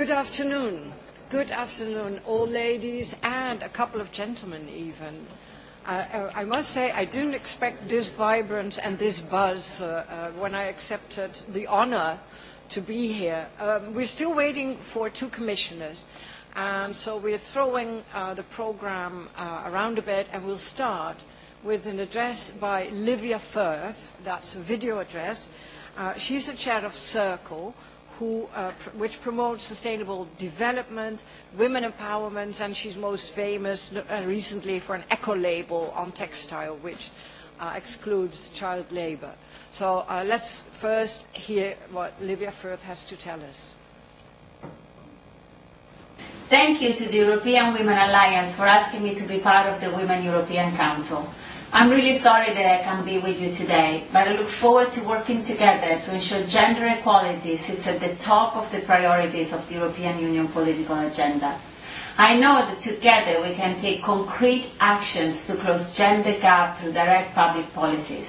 Good afternoon. Good afternoon, all ladies and a couple of gentlemen even. Uh, I must say I didn't expect this vibrance and this buzz uh, uh, when I accepted the honor to be here. Um, we're still waiting for two commissioners, and so we're throwing uh, the program uh, around a bit, and we'll start with an address by Livia Firth. That's a video address. Uh, she's the chair of Circle, who, uh, pr which promotes sustainable development, women empowerment, and she's most famous uh, recently for an eco-label on textile, which uh, excludes child labor. So uh, let's first hear what Livia Firth has to tell us. Thank you to the European Women Alliance for asking me to be part of the Women European Council. I'm really sorry that I can't be with you today, but I look forward to working together to ensure gender equality sits at the top of the priorities of the European Union political agenda. I know that together we can take concrete actions to close gender gap through direct public policies.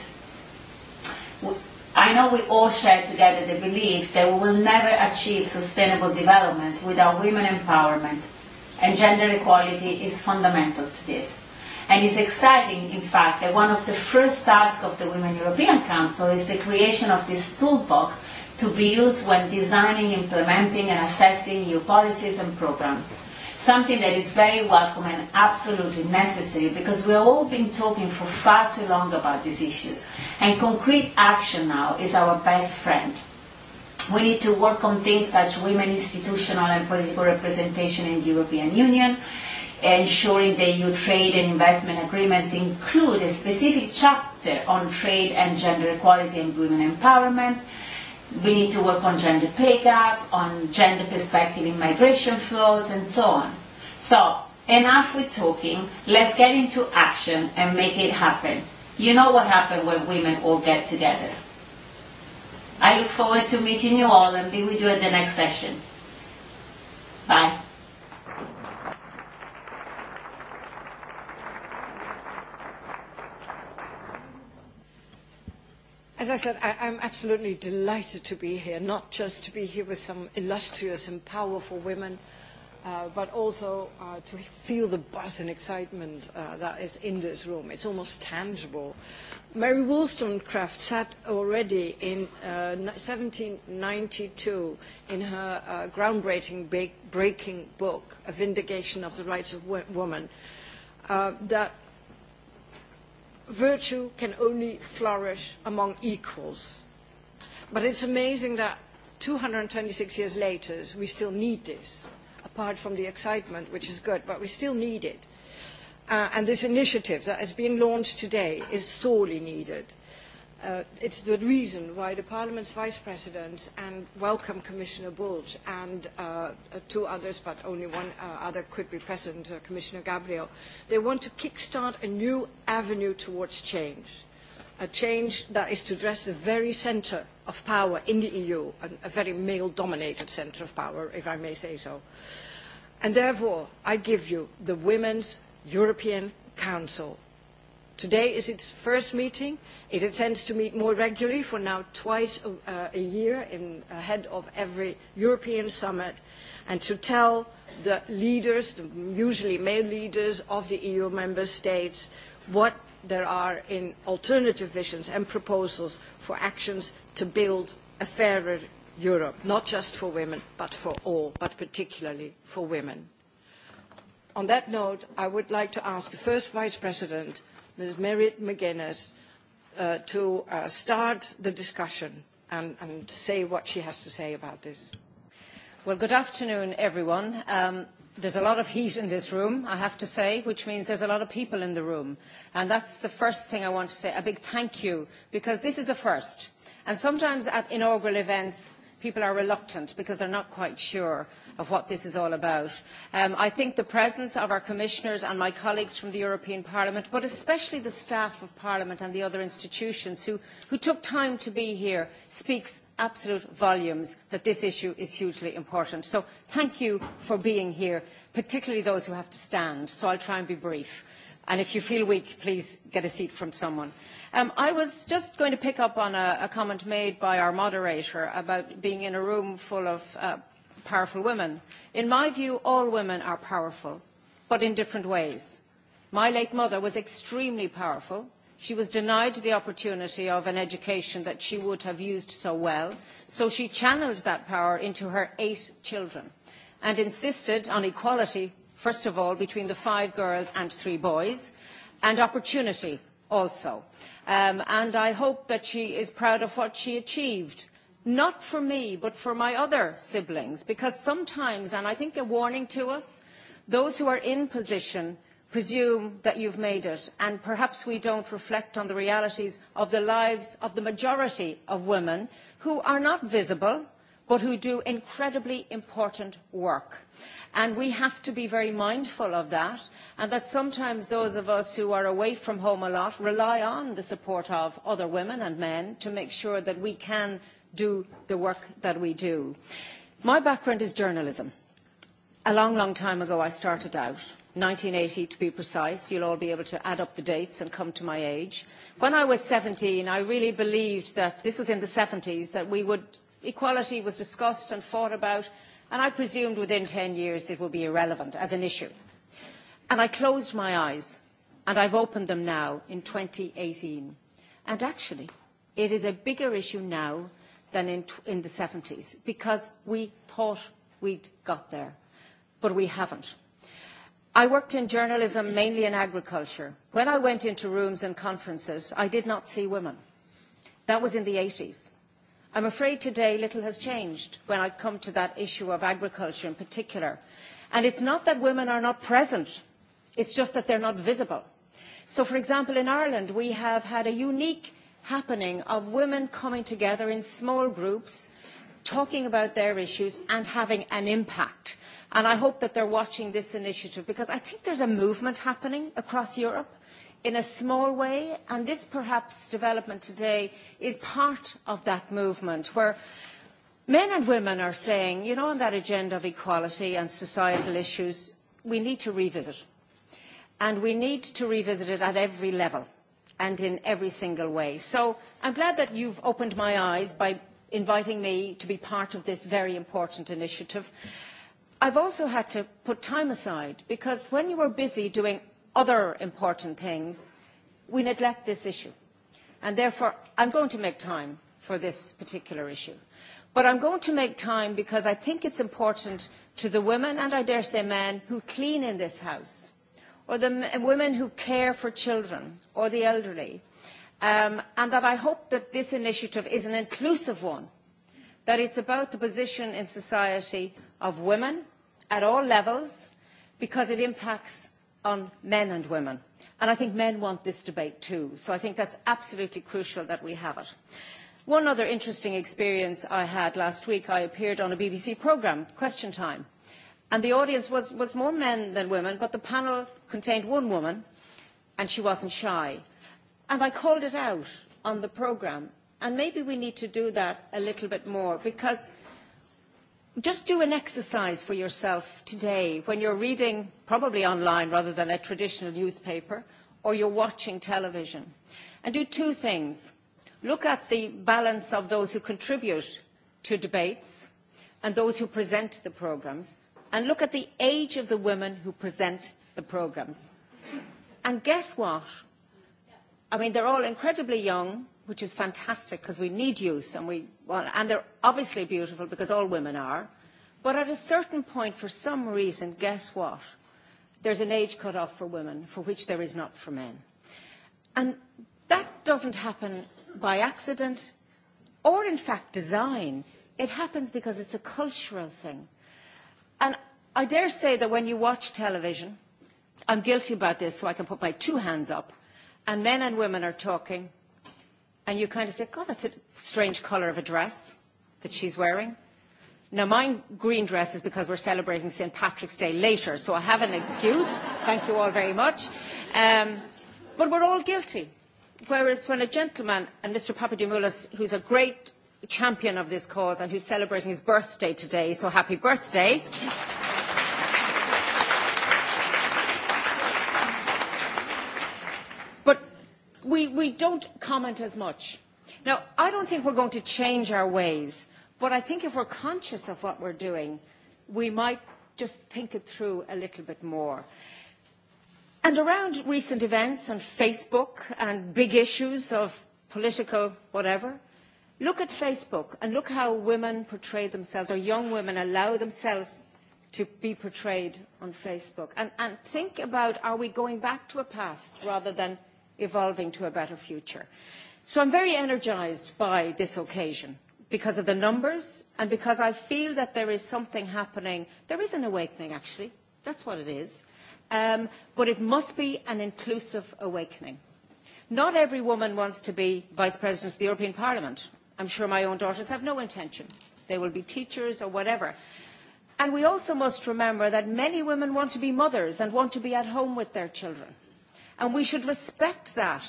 I know we all share together the belief that we will never achieve sustainable development without women empowerment, and gender equality is fundamental to this. And it's exciting, in fact, that one of the first tasks of the Women European Council is the creation of this toolbox to be used when designing, implementing and assessing EU policies and programs. Something that is very welcome and absolutely necessary because we have all been talking for far too long about these issues. And concrete action now is our best friend. We need to work on things such as women institutional and political representation in the European Union, ensuring the EU trade and investment agreements include a specific chapter on trade and gender equality and women empowerment. We need to work on gender pay gap, on gender perspective in migration flows, and so on. So, enough with talking, let's get into action and make it happen. You know what happens when women all get together. I look forward to meeting you all and be with you at the next session. Bye. As I said, I, I'm absolutely delighted to be here, not just to be here with some illustrious and powerful women, uh, but also uh, to feel the buzz and excitement uh, that is in this room. It's almost tangible. Mary Wollstonecraft sat already in uh, 1792 in her uh, groundbreaking break breaking book, A Vindication of the Rights of Woman, uh, that virtue can only flourish among equals. But it's amazing that 226 years later, we still need this, apart from the excitement, which is good, but we still need it. Uh, and this initiative that is being launched today is sorely needed. Uh, it's the reason why the Parliament's Vice President and welcome Commissioner Bulge and uh, uh, two others, but only one uh, other could be present, uh, Commissioner Gabriel, they want to kickstart a new avenue towards change, a change that is to address the very centre of power in the EU, and a very male-dominated centre of power, if I may say so. And therefore, I give you the Women's European Council – Today is its first meeting. It intends to meet more regularly for now twice a, uh, a year in, ahead of every European summit and to tell the leaders, the usually male leaders of the EU member states, what there are in alternative visions and proposals for actions to build a fairer Europe, not just for women, but for all, but particularly for women. On that note, I would like to ask the first Vice President Ms. Merritt McGuinness uh, to uh, start the discussion and, and say what she has to say about this. Well, good afternoon, everyone. Um, there's a lot of heat in this room, I have to say, which means there's a lot of people in the room. And that's the first thing I want to say, a big thank you, because this is a first. And sometimes at inaugural events, people are reluctant because they're not quite sure of what this is all about. Um, I think the presence of our commissioners and my colleagues from the European Parliament, but especially the staff of Parliament and the other institutions who, who took time to be here, speaks absolute volumes that this issue is hugely important. So thank you for being here, particularly those who have to stand. So I'll try and be brief. And if you feel weak, please get a seat from someone. Um, I was just going to pick up on a, a comment made by our moderator about being in a room full of uh, powerful women. In my view, all women are powerful, but in different ways. My late mother was extremely powerful. She was denied the opportunity of an education that she would have used so well, so she channeled that power into her eight children and insisted on equality, first of all, between the five girls and three boys, and opportunity also. Um, and I hope that she is proud of what she achieved not for me, but for my other siblings, because sometimes, and I think a warning to us, those who are in position presume that you've made it, and perhaps we don't reflect on the realities of the lives of the majority of women who are not visible, but who do incredibly important work. And we have to be very mindful of that, and that sometimes those of us who are away from home a lot rely on the support of other women and men to make sure that we can do the work that we do. My background is journalism. A long, long time ago I started out, 1980 to be precise. You'll all be able to add up the dates and come to my age. When I was 17, I really believed that, this was in the 70s, that we would, equality was discussed and fought about, and I presumed within 10 years it would be irrelevant as an issue. And I closed my eyes, and I've opened them now in 2018. And actually, it is a bigger issue now than in, in the 70s because we thought we'd got there, but we haven't. I worked in journalism, mainly in agriculture. When I went into rooms and conferences, I did not see women. That was in the 80s. I'm afraid today little has changed when I come to that issue of agriculture in particular. And it's not that women are not present, it's just that they're not visible. So, for example, in Ireland, we have had a unique happening of women coming together in small groups, talking about their issues and having an impact. And I hope that they're watching this initiative because I think there's a movement happening across Europe in a small way, and this perhaps development today is part of that movement where men and women are saying, you know, on that agenda of equality and societal issues, we need to revisit. And we need to revisit it at every level and in every single way. So I'm glad that you've opened my eyes by inviting me to be part of this very important initiative. I've also had to put time aside because when you are busy doing other important things, we neglect this issue. And therefore, I'm going to make time for this particular issue. But I'm going to make time because I think it's important to the women, and I dare say men, who clean in this house or the women who care for children or the elderly. Um, and that I hope that this initiative is an inclusive one, that it's about the position in society of women at all levels, because it impacts on men and women. And I think men want this debate too. So I think that's absolutely crucial that we have it. One other interesting experience I had last week, I appeared on a BBC programme, Question Time, And the audience was, was more men than women, but the panel contained one woman, and she wasn't shy. And I called it out on the programme. And maybe we need to do that a little bit more, because just do an exercise for yourself today when you're reading, probably online rather than a traditional newspaper, or you're watching television. And do two things. Look at the balance of those who contribute to debates and those who present the programmes and look at the age of the women who present the programmes. And guess what? I mean, they're all incredibly young, which is fantastic because we need youth and, we, well, and they're obviously beautiful because all women are. But at a certain point, for some reason, guess what? There's an age cut off for women for which there is not for men. And that doesn't happen by accident or in fact design. It happens because it's a cultural thing. And I dare say that when you watch television, I'm guilty about this, so I can put my two hands up, and men and women are talking, and you kind of say, God, that's a strange colour of a dress that she's wearing. Now, my green dress is because we're celebrating St. Patrick's Day later, so I have an excuse. Thank you all very much. Um, but we're all guilty. Whereas when a gentleman, and Mr. Papadimoulis, who's a great champion of this cause and who's celebrating his birthday today. So happy birthday. But we, we don't comment as much. Now, I don't think we're going to change our ways, but I think if we're conscious of what we're doing, we might just think it through a little bit more. And around recent events on Facebook and big issues of political whatever, Look at Facebook and look how women portray themselves or young women allow themselves to be portrayed on Facebook. And, and think about are we going back to a past rather than evolving to a better future. So I'm very energized by this occasion because of the numbers and because I feel that there is something happening. There is an awakening, actually. That's what it is. Um, but it must be an inclusive awakening. Not every woman wants to be Vice President of the European Parliament I'm sure my own daughters have no intention. They will be teachers or whatever. And we also must remember that many women want to be mothers and want to be at home with their children. And we should respect that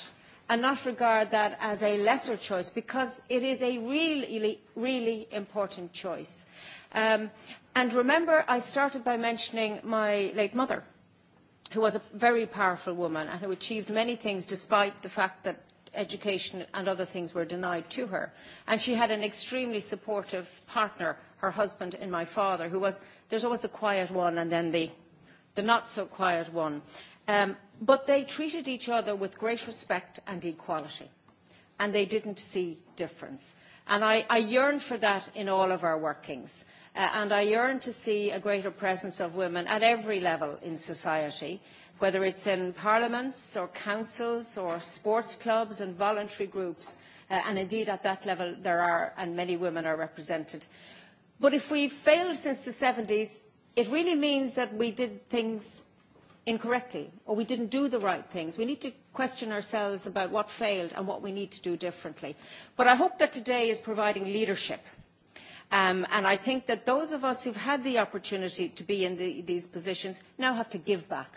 and not regard that as a lesser choice because it is a really, really important choice. Um, and remember, I started by mentioning my late mother, who was a very powerful woman and who achieved many things despite the fact that education and other things were denied to her. And she had an extremely supportive partner, her husband and my father, who was, there's always the quiet one and then the, the not so quiet one. Um, but they treated each other with great respect and equality. And they didn't see difference. And I, I yearn for that in all of our workings. Uh, and I yearn to see a greater presence of women at every level in society whether it's in parliaments or councils or sports clubs and voluntary groups. Uh, and indeed, at that level, there are, and many women are represented. But if we failed since the 70s, it really means that we did things incorrectly or we didn't do the right things. We need to question ourselves about what failed and what we need to do differently. But I hope that today is providing leadership. Um, and I think that those of us who've had the opportunity to be in the, these positions now have to give back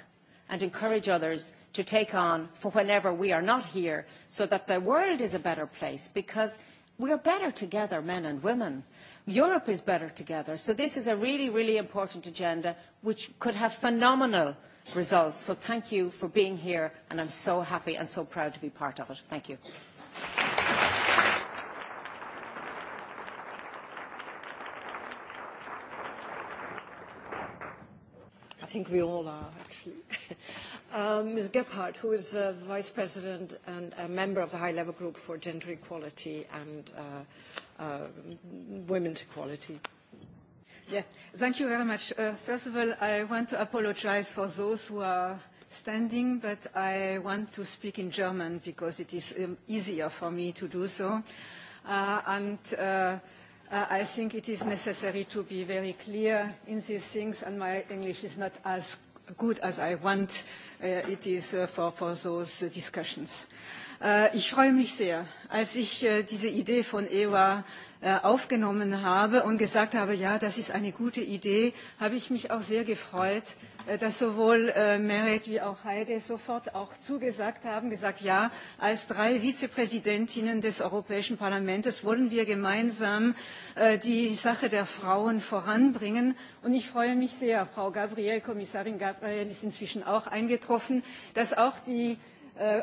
and encourage others to take on for whenever we are not here so that the world is a better place because we are better together, men and women. Europe is better together. So this is a really, really important agenda which could have phenomenal results. So thank you for being here and I'm so happy and so proud to be part of it. Thank you. think we all are, actually. um, Ms. Gebhardt, who is uh, Vice President and a member of the High Level Group for Gender Equality and uh, uh, Women's Equality. Yeah, thank you very much. Uh, first of all, I want to apologize for those who are standing, but I want to speak in German because it is um, easier for me to do so. Uh, and uh, Uh, I think it is necessary to be very clear in these things, and my English is not as good as I want. Uh, it is uh, for, for those uh, discussions. Uh, ich freue mich sehr, als ich uh, diese Idee von EWA Äh, aufgenommen habe und gesagt habe, ja, das ist eine gute Idee, habe ich mich auch sehr gefreut, äh, dass sowohl äh, Meret wie auch Heide sofort auch zugesagt haben, gesagt, ja, als drei Vizepräsidentinnen des Europäischen Parlaments wollen wir gemeinsam die Sache der Frauen voranbringen. Und ich freue mich sehr, Frau Gabriel, Kommissarin Gabriel ist inzwischen auch eingetroffen, dass auch die Äh,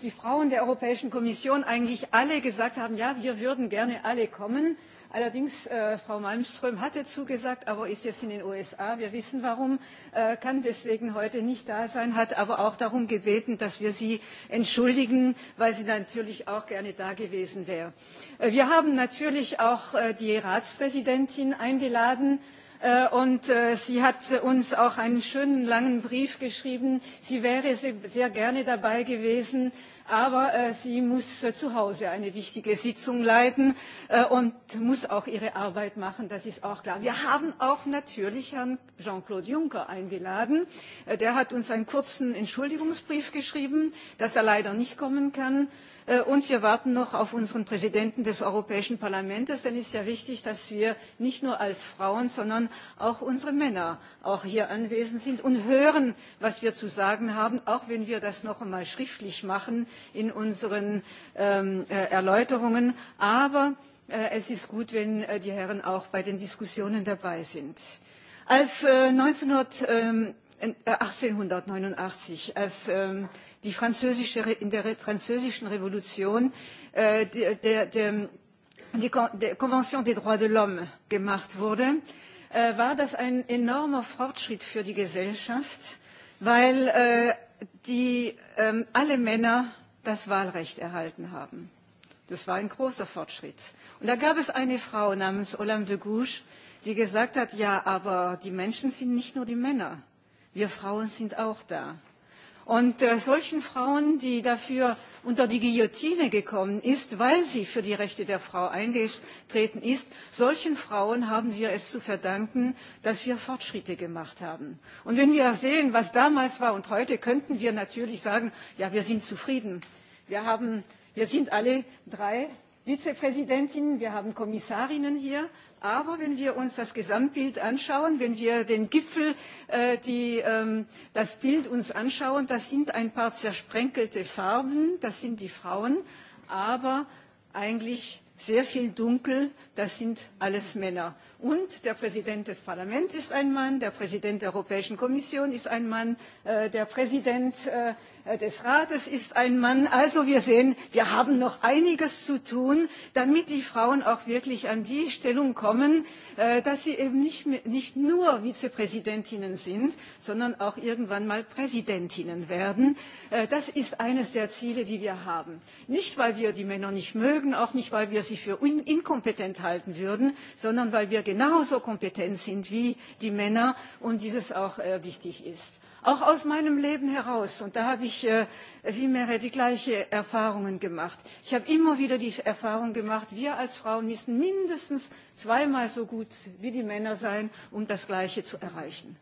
die Frauen der Europäischen Kommission eigentlich alle gesagt haben, ja, wir würden gerne alle kommen. Allerdings, äh, Frau Malmström hatte zugesagt, aber ist jetzt in den USA. Wir wissen warum, äh, kann deswegen heute nicht da sein, hat aber auch darum gebeten, dass wir sie entschuldigen, weil sie natürlich auch gerne da gewesen wäre. Äh, wir haben natürlich auch äh, die Ratspräsidentin eingeladen. Äh, Äh, und äh, sie hat uns auch einen schönen langen Brief geschrieben. Sie wäre sehr gerne dabei gewesen, aber äh, sie muss zu Hause eine wichtige Sitzung leiten und muss auch ihre Arbeit machen, das ist auch klar. Wir haben auch natürlich Herrn Jean-Claude Juncker eingeladen. Der hat uns einen kurzen Entschuldigungsbrief geschrieben, dass er leider nicht kommen kann Äh, und wir warten noch auf unseren Präsidenten des Europäischen Parlaments, denn es ist ja wichtig, dass wir nicht nur als Frauen, sondern auch unsere Männer auch hier anwesend sind und hören, was wir zu sagen haben, auch wenn wir das noch einmal schriftlich machen in unseren ähm, äh, Erläuterungen. Aber äh, es ist gut, wenn äh, die Herren auch bei den Diskussionen dabei sind. Als äh, 1900, ähm, 1889, äh, als ähm, die französische, in der französischen Revolution äh, der, der, der, die der Konvention des droits de l'homme gemacht wurde, äh, war das ein enormer Fortschritt für die Gesellschaft, weil äh, die, äh, alle Männer das Wahlrecht erhalten haben. Das war ein großer Fortschritt. Und da gab es eine Frau namens Olam de Gouche, die gesagt hat, ja, aber die Menschen sind nicht nur die Männer. Wir Frauen sind auch da. Und äh, solchen Frauen, die dafür unter die Guillotine gekommen ist, weil sie für die Rechte der Frau eingetreten ist, solchen Frauen haben wir es zu verdanken, dass wir Fortschritte gemacht haben. Und wenn wir sehen, was damals war und heute, könnten wir natürlich sagen, ja, wir sind zufrieden. Wir, haben, wir sind alle drei Vizepräsidentinnen, wir haben Kommissarinnen hier. Aber wenn wir uns das Gesamtbild anschauen, wenn wir den Gipfel, äh, die, ähm, das Bild uns anschauen, das sind ein paar zersprenkelte Farben, das sind die Frauen, aber eigentlich sehr viel dunkel, das sind alles Männer. Und der Präsident des Parlaments ist ein Mann, der Präsident der Europäischen Kommission ist ein Mann, äh, der Präsident äh, Äh, des Rates ist ein Mann. Also wir sehen, wir haben noch einiges zu tun, damit die Frauen auch wirklich an die Stellung kommen, äh, dass sie eben nicht, nicht nur Vizepräsidentinnen sind, sondern auch irgendwann mal Präsidentinnen werden. Äh, das ist eines der Ziele, die wir haben. Nicht, weil wir die Männer nicht mögen, auch nicht, weil wir sie für inkompetent halten würden, sondern weil wir genauso kompetent sind wie die Männer und dieses auch wichtig ist. Auch aus meinem Leben heraus, und da habe ich äh, vielmehr die gleiche Erfahrungen gemacht. Ich habe immer wieder die Erfahrung gemacht, wir als Frauen müssen mindestens zweimal so gut wie die Männer sein, um das Gleiche zu erreichen.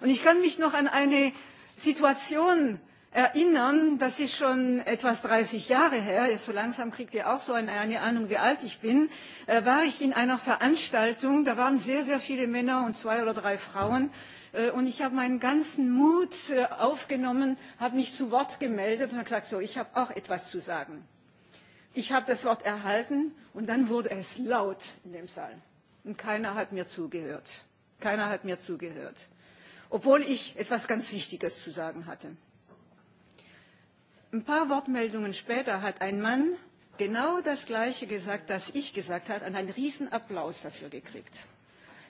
Und ich kann mich noch an eine Situation erinnern, das ist schon etwas 30 Jahre her, so langsam kriegt ihr auch so eine, eine Ahnung, wie alt ich bin, äh, war ich in einer Veranstaltung, da waren sehr, sehr viele Männer und zwei oder drei Frauen, Äh, und ich habe meinen ganzen Mut äh, aufgenommen, habe mich zu Wort gemeldet und gesagt, so, ich habe auch etwas zu sagen. Ich habe das Wort erhalten und dann wurde es laut in dem Saal. Und keiner hat mir zugehört. Keiner hat mir zugehört. Obwohl ich etwas ganz Wichtiges zu sagen hatte. Ein paar Wortmeldungen später hat ein Mann genau das Gleiche gesagt, das ich gesagt habe, und einen Riesenapplaus dafür gekriegt.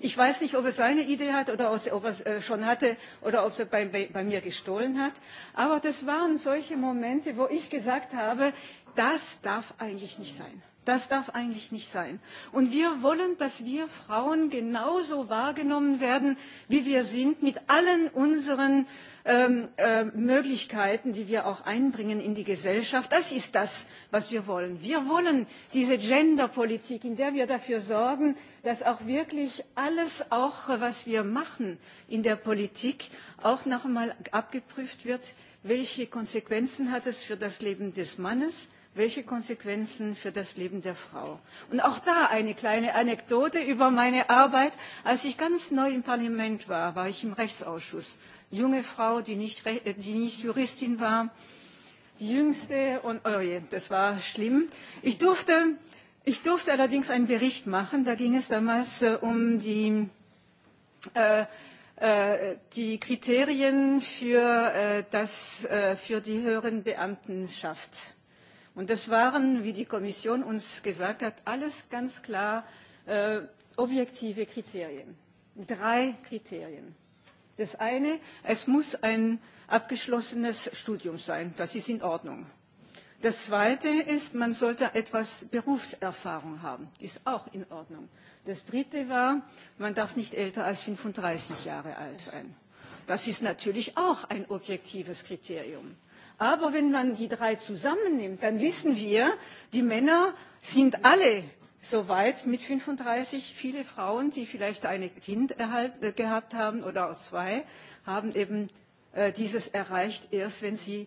Ich weiß nicht, ob er seine Idee hat oder ob er, er es äh, schon hatte oder ob sie bei, bei, bei mir gestohlen hat. Aber das waren solche Momente, wo ich gesagt habe, das darf eigentlich nicht sein. Das darf eigentlich nicht sein. Und wir wollen, dass wir Frauen genauso wahrgenommen werden, wie wir sind, mit allen unseren ähm, äh, Möglichkeiten, die wir auch einbringen in die Gesellschaft. Das ist das, was wir wollen. Wir wollen diese Genderpolitik, in der wir dafür sorgen, dass auch wirklich alles, auch was wir machen in der Politik, auch noch einmal abgeprüft wird, welche Konsequenzen hat es für das Leben des Mannes, welche Konsequenzen für das Leben der Frau. Und auch da eine kleine Anekdote über meine Arbeit. Als ich ganz neu im Parlament war, war ich im Rechtsausschuss. Junge Frau, die nicht, die nicht Juristin war, die jüngste und, oh je, das war schlimm. Ich durfte, ich durfte allerdings einen Bericht machen. Da ging es damals äh, um die, äh, äh, die Kriterien für, äh, das, äh, für die höheren Beamtenschaft Und das waren, wie die Kommission uns gesagt hat, alles ganz klar äh, objektive Kriterien. Drei Kriterien. Das eine, es muss ein abgeschlossenes Studium sein. Das ist in Ordnung. Das Zweite ist, man sollte etwas Berufserfahrung haben. Ist auch in Ordnung. Das Dritte war, man darf nicht älter als 35 Jahre alt sein. Das ist natürlich auch ein objektives Kriterium. Aber wenn man die drei zusammennimmt, dann wissen wir, die Männer sind alle soweit mit 35. Viele Frauen, die vielleicht ein Kind erhalt, äh, gehabt haben oder zwei, haben eben äh, dieses erreicht, erst wenn sie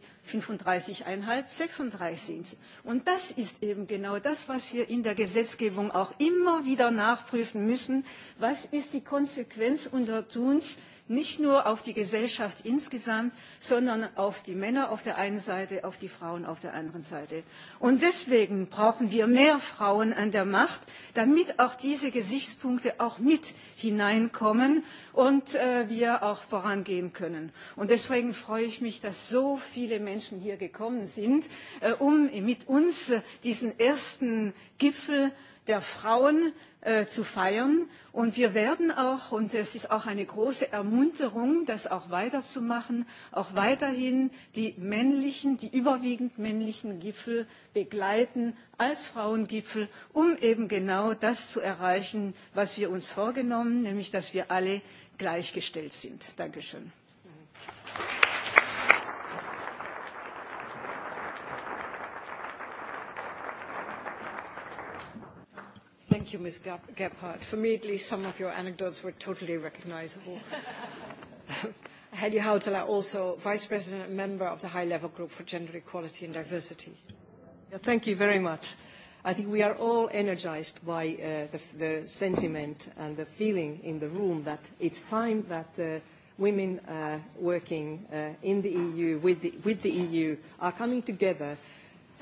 einhalb, 36 sind. Und das ist eben genau das, was wir in der Gesetzgebung auch immer wieder nachprüfen müssen. Was ist die Konsequenz unter Tuns? nicht nur auf die Gesellschaft insgesamt, sondern auf die Männer auf der einen Seite, auf die Frauen auf der anderen Seite. Und deswegen brauchen wir mehr Frauen an der Macht, damit auch diese Gesichtspunkte auch mit hineinkommen und äh, wir auch vorangehen können. Und deswegen freue ich mich, dass so viele Menschen hier gekommen sind, äh, um mit uns äh, diesen ersten Gipfel der Frauen äh, zu feiern. Und wir werden auch, und es ist auch eine große Ermunterung, das auch weiterzumachen, auch weiterhin die männlichen, die überwiegend männlichen Gipfel begleiten als Frauengipfel, um eben genau das zu erreichen, was wir uns vorgenommen, nämlich dass wir alle gleichgestellt sind. Dankeschön. Thank you, Ms. Gephardt. For me, at least, some of your anecdotes were totally recognizable. Hedy Hautala, also Vice President and member of the High Level Group for Gender Equality and Diversity. Yeah, thank you very much. I think we are all energized by uh, the, the sentiment and the feeling in the room that it's time that uh, women uh, working uh, in the EU, with the, with the EU, are coming together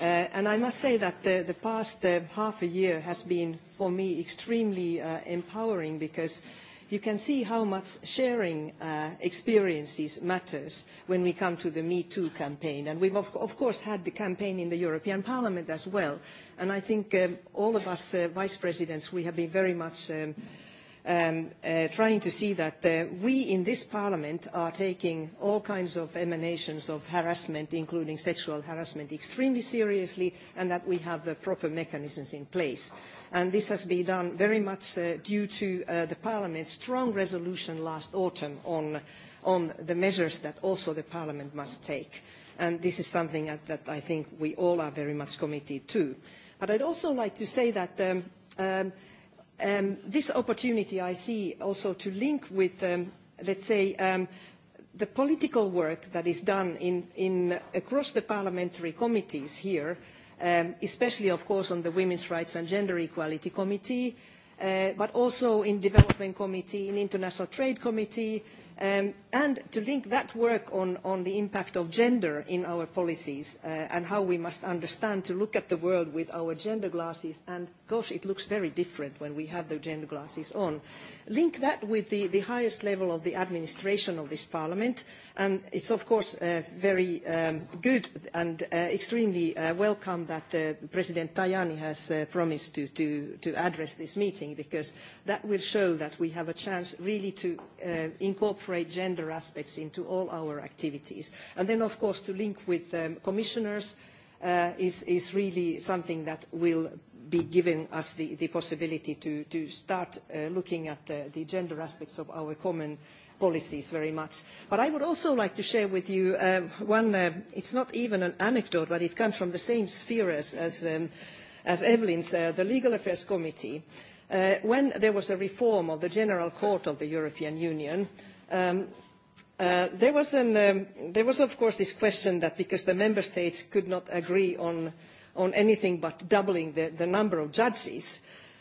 Uh, and I must say that the, the past uh, half a year has been, for me, extremely uh, empowering because you can see how much sharing uh, experiences matters when we come to the Me Too campaign. And we've, of, of course, had the campaign in the European Parliament as well. And I think um, all of us uh, vice presidents, we have been very much um, uh, um, uh, trying to see that uh, we in this parliament are taking all kinds of emanations of harassment, including sexual harassment, extremely seriously, and that we have the proper mechanisms in place. And this has been done very much uh, due to uh, the parliament's strong resolution last autumn on, on the measures that also the parliament must take. And this is something that, that I think we all are very much committed to. But I'd also like to say that um, um, Um, this opportunity I see also to link with, um, let's say, um, the political work that is done in, in, uh, across the parliamentary committees here, um, especially, of course, on the Women's Rights and Gender Equality Committee, uh, but also in Development Committee, in International Trade Committee, Um, and to link that work on, on the impact of gender in our policies uh, and how we must understand to look at the world with our gender glasses, and gosh, it looks very different when we have the gender glasses on. Link that with the, the highest level of the administration of this parliament And it is of course uh, very um, good and uh, extremely uh, welcome that uh, President Tajani has uh, promised to, to, to, address this meeting because that will show that we have a chance really to uh, incorporate gender aspects into all our activities. And then of course to link with um, commissioners is, is really something that will be giving us the, the possibility to, to start looking at the, the gender aspects of our common uh, policies very much. But I would also like to share with you um, one, uh, it's not even an anecdote, but it comes from the same sphere as, as, um, as Evelyn's, uh, the Legal Affairs Committee. Uh, when there was a reform of the General Court of the European Union, um, Uh, there, was an, um, there was, of course, this question that because the member states could not agree on, on anything but doubling the, the number of judges,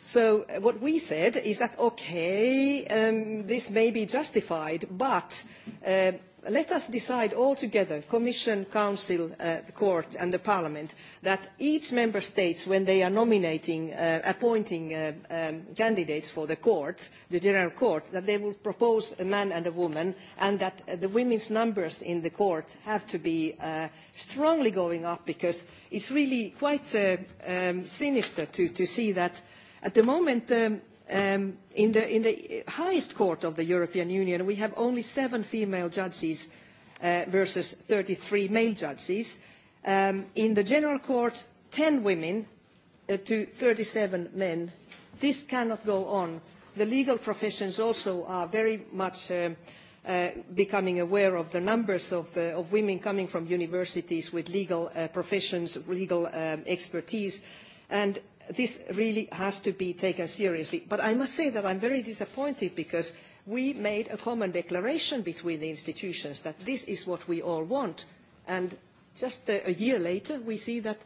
So uh, what we said is that, okay, um, this may be justified, but uh, let us decide all together, Commission, Council, uh, the Court and the Parliament, that each Member State, when they are nominating, uh, appointing uh, um, candidates for the Court, the General Court, that they will propose a man and a woman and that uh, the women's numbers in the Court have to be uh, strongly going up because it's really quite uh, um, sinister to, to see that At the moment, um, um, in, the, in the highest court of the European Union, we have only seven female judges uh, versus 33 male judges. Um, in the general court, 10 women uh, to 37 men. This cannot go on. The legal professions also are very much um, uh, becoming aware of the numbers of, uh, of women coming from universities with legal uh, professions, legal um, expertise. And this really has to be taken seriously. But I must say that I am very disappointed because we made a common declaration between the institutions that this is what we all want. And just uh, a year later, we see that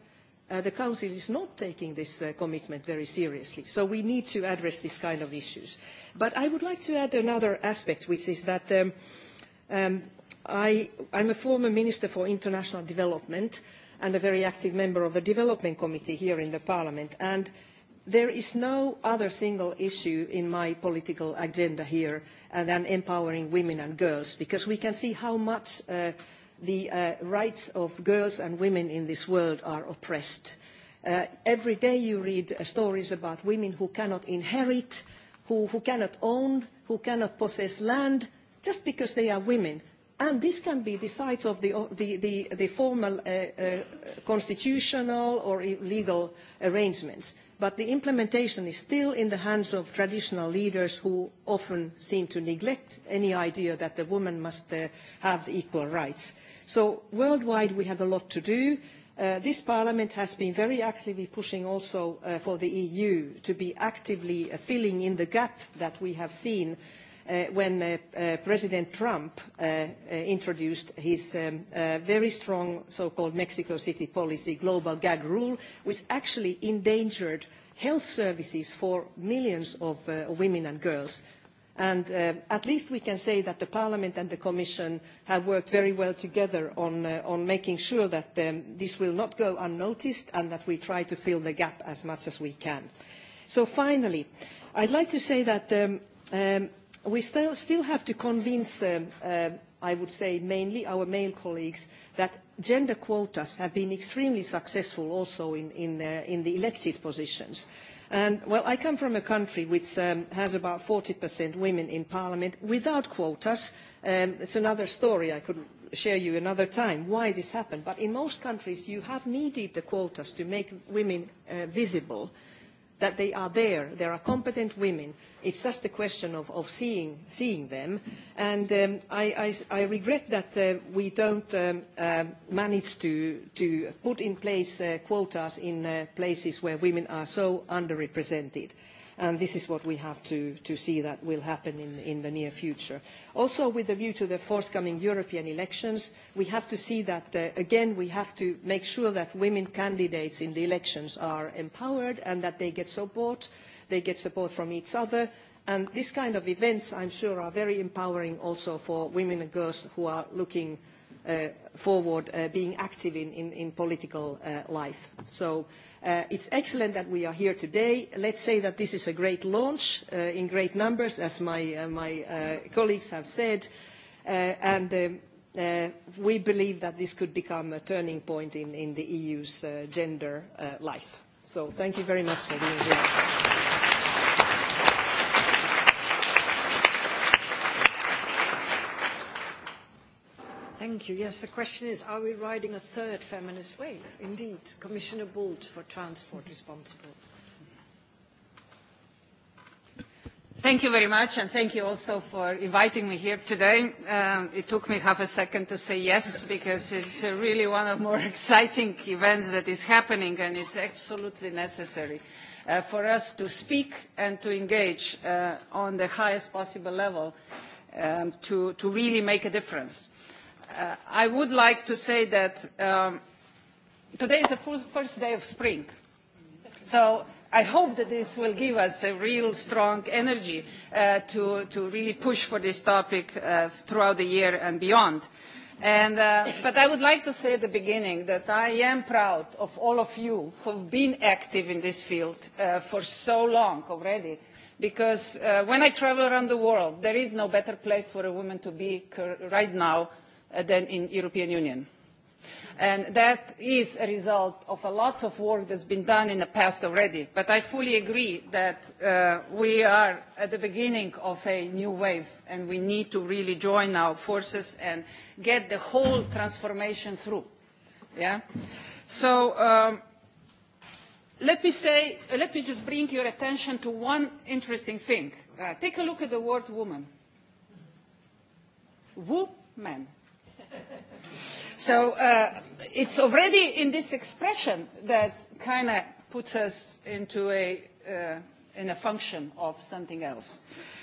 uh, the Council is not taking this uh, commitment very seriously. So we need to address this kind of issues. But I would like to add another aspect, which is that um, um, I, I'm a former Minister for International Development, uh, and a very active member of the Development Committee here in the Parliament. And there is no other single issue in my political agenda here than empowering women and girls, because we can see how much uh, the uh, rights of girls and women in this world are oppressed. Uh, every day you read uh, stories about women who cannot inherit, who, who cannot own, who cannot possess land, just because they are women. And this can be the site of the, the, the, the formal uh, uh, constitutional or legal arrangements. But the implementation is still in the hands of traditional leaders who often seem to neglect any idea that the woman must uh, have equal rights. So worldwide we have a lot to do. Uh, this parliament has been very actively pushing also uh, for the EU to be actively uh, filling in the gap that we have seen uh, uh, when uh, uh, President Trump uh, uh, introduced his um, uh, very strong so-called Mexico City policy global gag rule, which actually endangered health services for millions of uh, women and girls. And uh, at least we can say that the Parliament and the Commission have worked very well together on, uh, on making sure that um, this will not go unnoticed and that we try to fill the gap as much as we can. So finally, I'd like to say that um, um, we still, still have to convince, um, uh, I would say, mainly our male colleagues that gender quotas have been extremely successful also in, in, uh, in the elected positions. And, well, I come from a country which um, has about 40% women in parliament without quotas. Um, it's another story I could share you another time why this happened. But in most countries, you have needed the quotas to make women uh, visible that they are there. There are competent women. It's just a question of, of seeing, seeing them. And um, I, I, I regret that uh, we don't um, uh, manage to, to put in place uh, quotas in uh, places where women are so underrepresented. And this is what we have to, to see that will happen in, in the near future. Also, with a view to the forthcoming European elections, we have to see that, uh, again, we have to make sure that women candidates in the elections are empowered and that they get support, they get support from each other, And this kind of events, I'm sure, are very empowering also for women and girls who are looking uh, forward, uh, being active in, in, in political uh, life. So Uh, it's excellent that we are here today. Let's say that this is a great launch uh, in great numbers, as my, uh, my uh, colleagues have said, uh, and um, uh, we believe that this could become a turning point in, in the EU's gender life. So thank you very much for being here. Thank you. Yes, the question is, are we riding a third feminist wave? Indeed, Commissioner Bolt for Transport Responsible. Thank you very much, and thank you also for inviting me here today. Um, it took me half a second to say yes, because it's uh, really one of more exciting events that is happening, and it's absolutely necessary uh, for us to speak and to engage uh, on the highest possible level um, to, to really make a difference. Uh, I would like to say that um, today is the first, first day of spring. So I hope that this will give us a real strong energy uh, to, to really push for this topic uh, throughout the year and beyond. And, uh, but I would like to say at the beginning that I am proud of all of you who have been active in this field uh, for so long already because uh, when I travel around the world, there is no better place for a woman to be right now Uh, than in European Union. And that is a result of a lot of work that's been done in the past already. But I fully agree that uh, we are at the beginning of a new wave and we need to really join our forces and get the whole transformation through. Yeah? So um, let me say, uh, let me just bring your attention to one interesting thing. Uh, take a look at the word woman. Woman So uh, it's already in this expression that kind of puts us into a, uh, in a function of something else.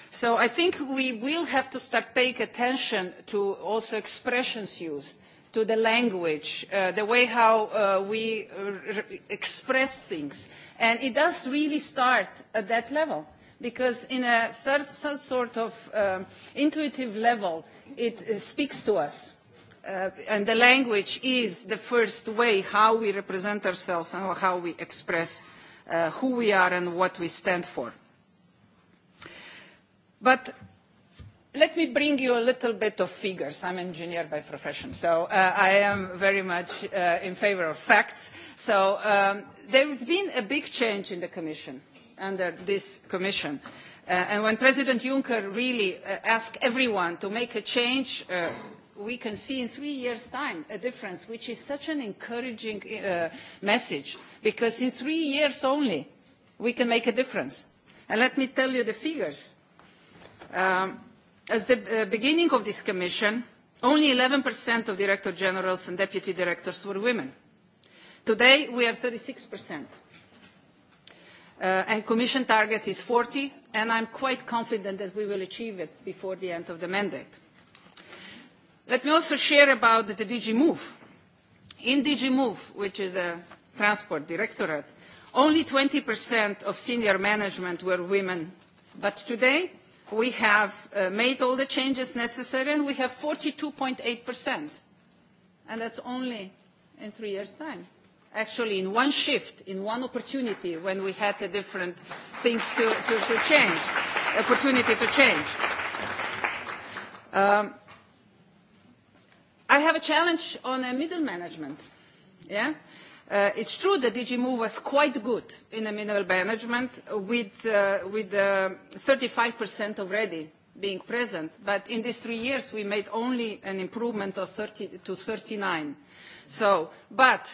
So I think we will have to start paying attention to also expressions used, to the language, uh, the way how uh, we r express things. And it does really start at that level because in a some sort of um, intuitive level, it speaks to us uh, and the language is the first way how we represent ourselves and how we express uh, who we are and what we stand for. But let me bring you a little bit of figures. I'm an engineer by profession, so uh, I am very much uh, in favor of facts. So um, has been a big change in the Commission, under this Commission. Uh, and when President Juncker really uh, asked everyone to make a change, uh, we can see in three years' time a difference, which is such an encouraging uh, message, because in three years only we can make a difference. And let me tell you the figures. Um, as the uh, beginning of this commission, only 11% of director generals and deputy directors were women. Today, we are 36%. Uh, and commission target is 40, and I'm quite confident that we will achieve it before the end of the mandate. Let me also share about the DG Move. In DG Move, which is the Transport Directorate, only 20% of senior management were women. But today, we have uh, made all the changes necessary and we have 42.8%. And that's only in three years' time. Actually, in one shift, in one opportunity, when we had the different things to, to, to change, opportunity to change. Um, I have a challenge on a uh, middle management. Yeah? Uh, it's true that DG Move was quite good in the middle management with, uh, with uh, 35% already being present, but in these three years we made only an improvement of 30 to 39. So, but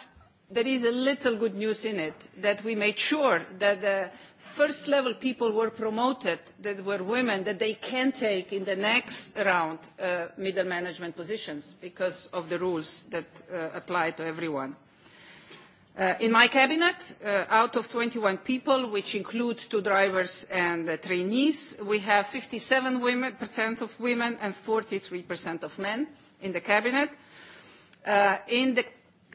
there is a little good news in it that we made sure that the first level people were promoted that were women that they can take in the next round uh, middle management positions because of the rules that uh, apply to everyone. Uh, in my cabinet, uh, out of 21 people, which include two drivers and uh, trainees, we have 57% women, percent of women and 43% of men in the cabinet. Uh, in the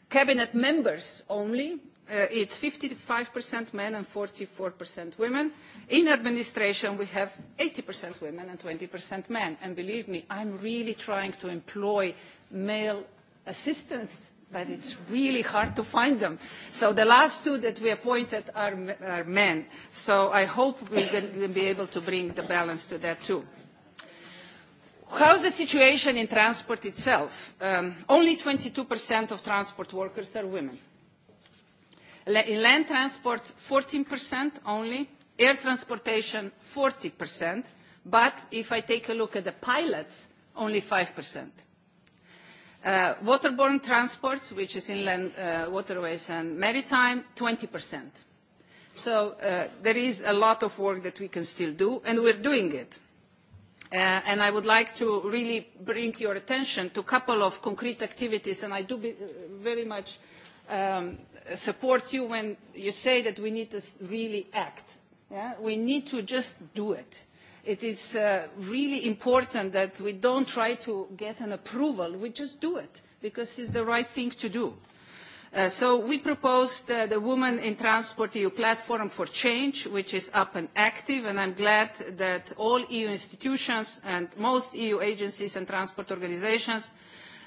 cabinet members only, uh, it's 55% men and 44% women. In administration, we have 80% women and 20% men. And believe me, I'm really trying to employ male assistants, but it's really hard to find them. So the last two that we appointed are, are men. So I hope we will be able to bring the balance to that too. How's the situation in transport itself? Um, only 22% of transport workers are women in land transport 14% only, air transportation 40%, but if I take a look at the pilots, only 5%. Uh, waterborne transports, which is inland uh, waterways and maritime, 20%. So uh, there is a lot of work that we can still do, and we're doing it. and I would like to really bring your attention to a couple of concrete activities, and I do be, very much um, support you when you say that we need to really act. Yeah? We need to just do it. It is uh, really important that we don't try to get an approval, we just do it because it's the right thing to do. Uh, so we proposed uh, the Women in Transport EU platform for change, which is up and active, and I'm glad that all EU institutions and most EU agencies and transport organizations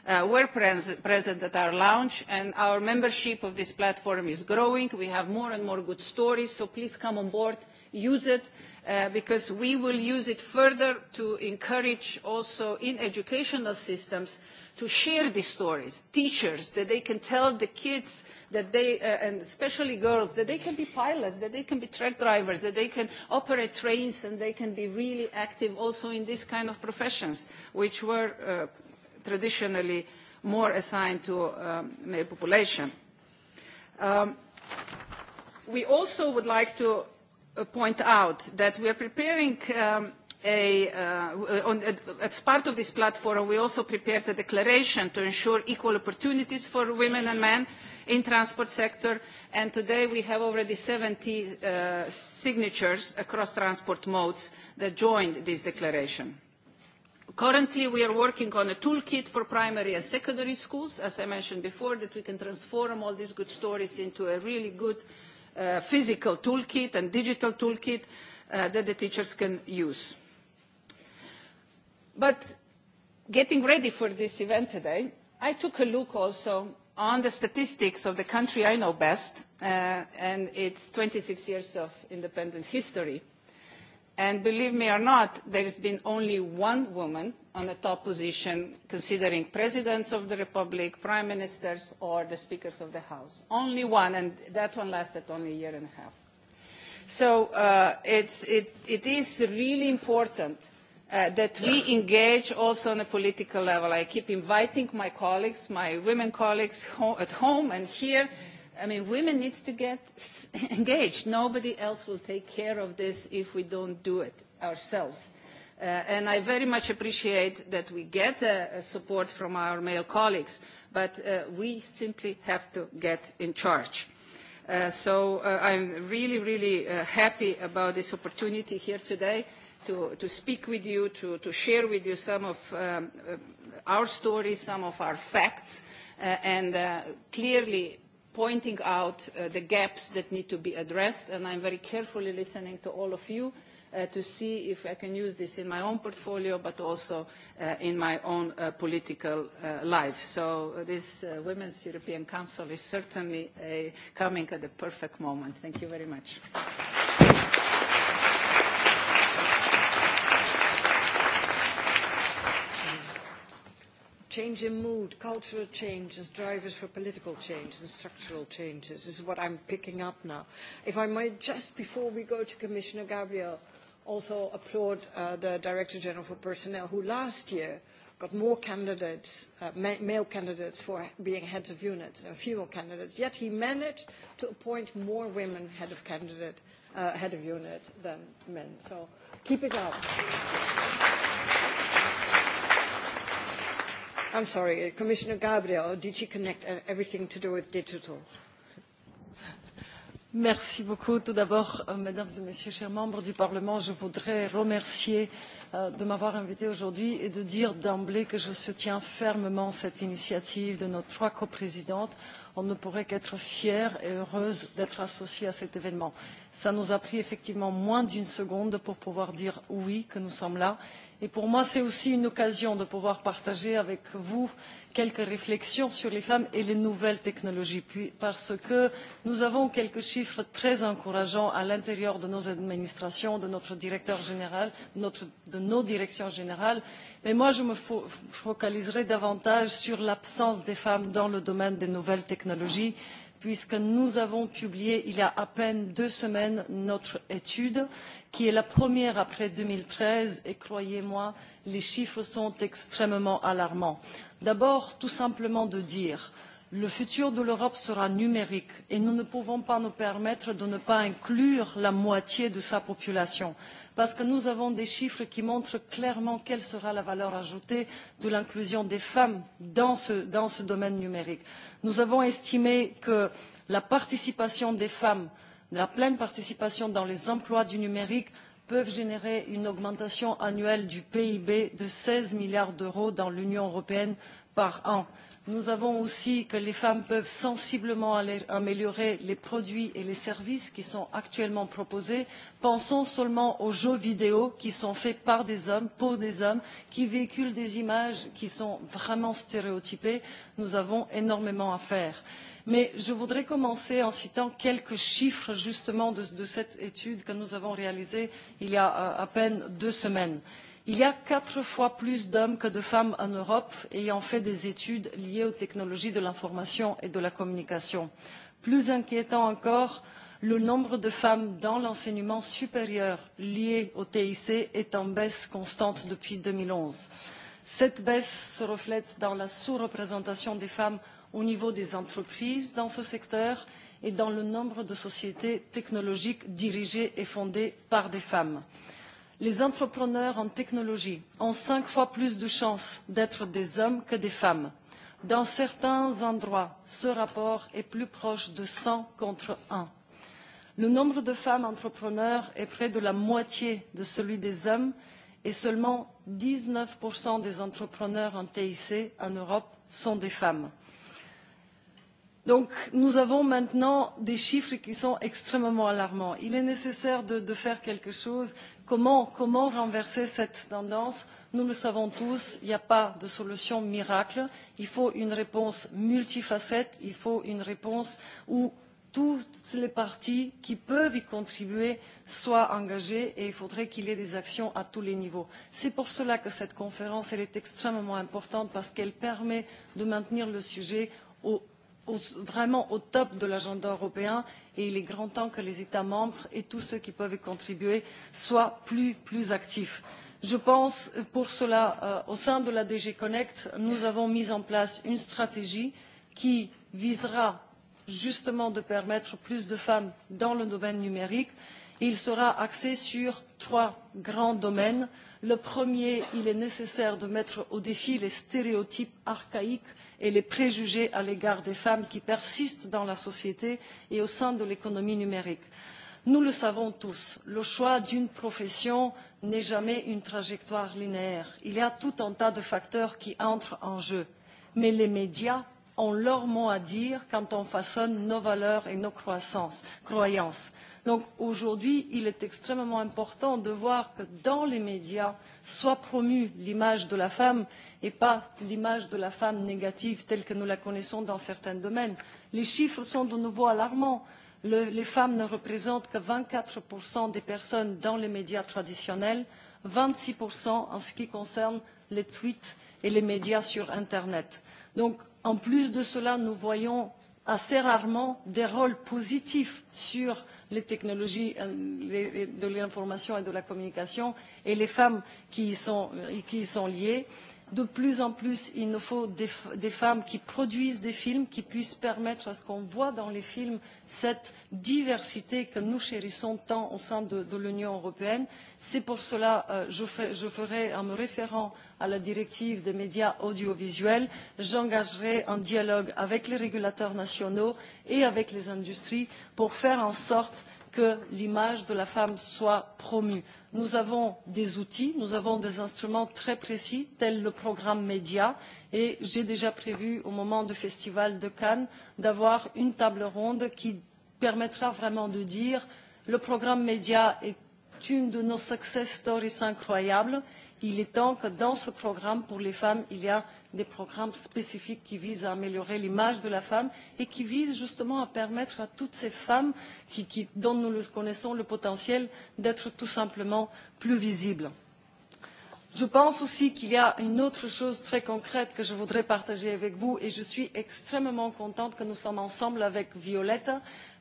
uh, were pres present at our launch and our membership of this platform is growing. We have more and more good stories, so please come on board, use it, uh, because we will use it further to encourage also in educational systems to share these stories, teachers, that they can tell the kids that they, uh, and especially girls, that they can be pilots, that they can be truck drivers, that they can operate trains and they can be really active also in this kind of professions, which were uh, traditionally more assigned to um, male population. Um, we also would like to uh, point out that we are preparing um, a, uh, on, as part of this platform, we also prepared a declaration to ensure equal opportunities for women and men in transport sector. And today we have already 70 uh, signatures across transport modes that joined this declaration. Currently, we are working on a toolkit for primary and secondary schools, as I mentioned before, that we can transform all these good stories into a really good uh, physical toolkit and digital toolkit uh, that the teachers can use. But getting ready for this event today, I took a look also on the statistics of the country I know best, uh, and its 26 years of independent history. And believe me or not, there has been only one woman on a top position, considering presidents of the republic, prime ministers, or the speakers of the house. Only one, and that one lasted only a year and a half. So uh, it's, it, it is really important uh, that we engage also on a political level. I keep inviting my colleagues, my women colleagues ho at home and here, mm -hmm I mean, women needs to get engaged. Nobody else will take care of this if we don't do it ourselves. Uh, and I very much appreciate that we get uh, uh, support from our male colleagues, but uh, we simply have to get in charge. Uh, so uh, I'm really, really uh, happy about this opportunity here today to, to speak with you, to, to share with you some of um, uh, our stories, some of our facts, uh, and uh, clearly pointing out uh, the gaps that need to be addressed, and I'm very carefully listening to all of you uh, to see if I can use this in my own portfolio, but also uh, in my own uh, political uh, life. So uh, this uh, Women's European Council is certainly a coming at the perfect moment. Thank you very much. change in mood, cultural change as drivers for political change and structural changes is what I'm picking up now. If I might, just before we go to Commissioner Gabriel, also applaud uh, the Director General for Personnel, who last year got more candidates, uh, ma male candidates for being heads of units and female candidates, yet he managed to appoint more women head of candidate, uh, head of unit than men. So keep it up. I'm sorry, uh, Commissioner Gabriel, did she connect uh, everything to do with digital? Merci beaucoup. Tout d'abord, euh, mesdames et messieurs, chers membres du Parlement, je voudrais remercier euh, de m'avoir invité aujourd'hui et de dire d'emblée que je soutiens fermement cette initiative de nos trois coprésidentes. On ne pourrait qu'être fière et heureuse d'être associée à cet événement. Ça nous a pris effectivement moins d'une seconde pour pouvoir dire oui que nous sommes là Et pour moi, c'est aussi une occasion de pouvoir partager avec vous quelques réflexions sur les femmes et les nouvelles technologies, parce que nous avons quelques chiffres très encourageants à l'intérieur de nos administrations, de notre directeur général, notre, de nos directions générales, mais moi je me fo focaliserai davantage sur l'absence des femmes dans le domaine des nouvelles technologies. Mmh puisque nous avons publié il y a à peine deux semaines notre étude, qui est la première après deux mille treize et croyez-moi, les chiffres sont extrêmement alarmants. D'abord, tout simplement de dire que Le futur de l'Europe sera numérique et nous ne pouvons pas nous permettre de ne pas inclure la moitié de sa population parce que nous avons des chiffres qui montrent clairement quelle sera la valeur ajoutée de l'inclusion des femmes dans ce, dans ce domaine numérique. Nous avons estimé que la participation des femmes, la pleine participation dans les emplois du numérique peuvent générer une augmentation annuelle du PIB de 16 milliards d'euros dans l'Union européenne par an. Nous avons aussi que les femmes peuvent sensiblement améliorer les produits et les services qui sont actuellement proposés. Pensons seulement aux jeux vidéo qui sont faits par des hommes, pour des hommes, qui véhiculent des images qui sont vraiment stéréotypées. Nous avons énormément à faire. Mais je voudrais commencer en citant quelques chiffres justement de, de cette étude que nous avons réalisée il y a euh, à peine deux semaines. Il y a quatre fois plus d'hommes que de femmes en Europe ayant fait des études liées aux technologies de l'information et de la communication. Plus inquiétant encore, le nombre de femmes dans l'enseignement supérieur lié au TIC est en baisse constante depuis deux mille onze. Cette baisse se reflète dans la sous-représentation des femmes au niveau des entreprises dans ce secteur et dans le nombre de sociétés technologiques dirigées et fondées par des femmes les entrepreneurs en technologie ont cinq fois plus de chances d'être des hommes que des femmes. Dans certains endroits, ce rapport est plus proche de 100 contre 1. Le nombre de femmes entrepreneurs est près de la moitié de celui des hommes et seulement 19% des entrepreneurs en TIC en Europe sont des femmes. Donc nous avons maintenant des chiffres qui sont extrêmement alarmants. Il est nécessaire de, de faire quelque chose. Comment, comment renverser cette tendance Nous le savons tous, il n'y a pas de solution miracle. Il faut une réponse multifacette, il faut une réponse où toutes les parties qui peuvent y contribuer soient engagées et il faudrait qu'il y ait des actions à tous les niveaux. C'est pour cela que cette conférence elle est extrêmement importante parce qu'elle permet de maintenir le sujet au au, vraiment au top de l'agenda européen et il est grand temps que les États membres et tous ceux qui peuvent y contribuer soient plus, plus actifs. Je pense pour cela, euh, au sein de la DG Connect, nous avons mis en place une stratégie qui visera justement de permettre plus de femmes dans le domaine numérique. Il sera axé sur trois grands domaines. Le premier, il est nécessaire de mettre au défi les stéréotypes archaïques et les préjugés à l'égard des femmes qui persistent dans la société et au sein de l'économie numérique. Nous le savons tous, le choix d'une profession n'est jamais une trajectoire linéaire. Il y a tout un tas de facteurs qui entrent en jeu. Mais les médias ont leur mot à dire quand on façonne nos valeurs et nos croyances. Donc aujourd'hui, il est extrêmement important de voir que dans les médias soit promue l'image de la femme et pas l'image de la femme négative telle que nous la connaissons dans certains domaines. Les chiffres sont de nouveau alarmants. Le, les femmes ne représentent que vingt quatre des personnes dans les médias traditionnels, vingt six en ce qui concerne les tweets et les médias sur Internet. Donc, en plus de cela, nous voyons assez rarement des rôles positifs sur les technologies euh, de l'information et de la communication et les femmes qui y sont, euh, qui y sont liées de plus en plus, il nous faut des, des femmes qui produisent des films, qui puissent permettre à ce qu'on voit dans les films cette diversité que nous chérissons tant au sein de, de l'Union européenne. C'est pour cela que euh, je, je ferai, en me référant à la directive des médias audiovisuels, j'engagerai un dialogue avec les régulateurs nationaux et avec les industries pour faire en sorte que l'image de la femme soit promue. Nous avons des outils, nous avons des instruments très précis, tels le programme Média, et j'ai déjà prévu au moment du Festival de Cannes d'avoir une table ronde qui permettra vraiment de dire le programme Média est une de nos success stories incroyables. Il est temps que dans ce programme pour les femmes, il y a des programmes spécifiques qui visent à améliorer l'image de la femme et qui visent justement à permettre à toutes ces femmes qui, qui, dont nous le connaissons le potentiel d'être tout simplement plus visibles. Je pense aussi qu'il y a une autre chose très concrète que je voudrais partager avec vous et je suis extrêmement contente que nous sommes ensemble avec Violette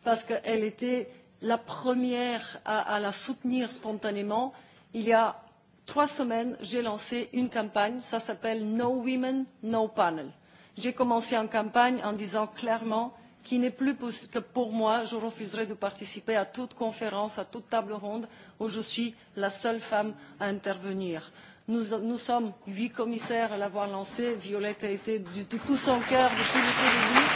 parce qu'elle était la première à, à la soutenir spontanément. Il y a trois semaines, j'ai lancé une campagne, ça s'appelle No Women, No Panel. J'ai commencé une campagne en disant clairement qu'il n'est plus possible que pour moi, je refuserai de participer à toute conférence, à toute table ronde où je suis la seule femme à intervenir. Nous, nous sommes huit commissaires à l'avoir lancé. Violette a été de, de tout son cœur depuis le début.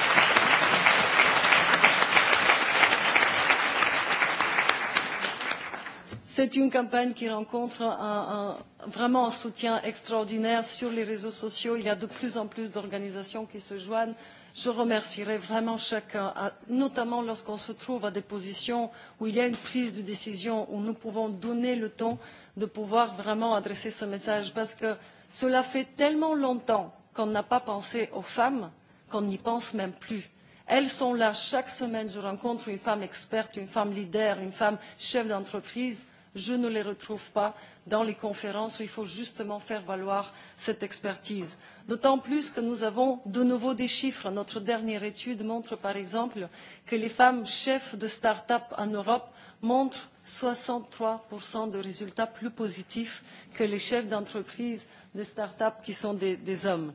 C'est une campagne qui rencontre un, un, vraiment un soutien extraordinaire sur les réseaux sociaux. Il y a de plus en plus d'organisations qui se joignent. Je remercierai vraiment chacun, à, notamment lorsqu'on se trouve à des positions où il y a une prise de décision, où nous pouvons donner le temps de pouvoir vraiment adresser ce message. Parce que cela fait tellement longtemps qu'on n'a pas pensé aux femmes qu'on n'y pense même plus. Elles sont là chaque semaine, je rencontre une femme experte, une femme leader, une femme chef d'entreprise je ne les retrouve pas dans les conférences où il faut justement faire valoir cette expertise. D'autant plus que nous avons de nouveau des chiffres. Notre dernière étude montre par exemple que les femmes chefs de start-up en Europe montrent 63% de résultats plus positifs que les chefs d'entreprise des start-up qui sont des, des hommes.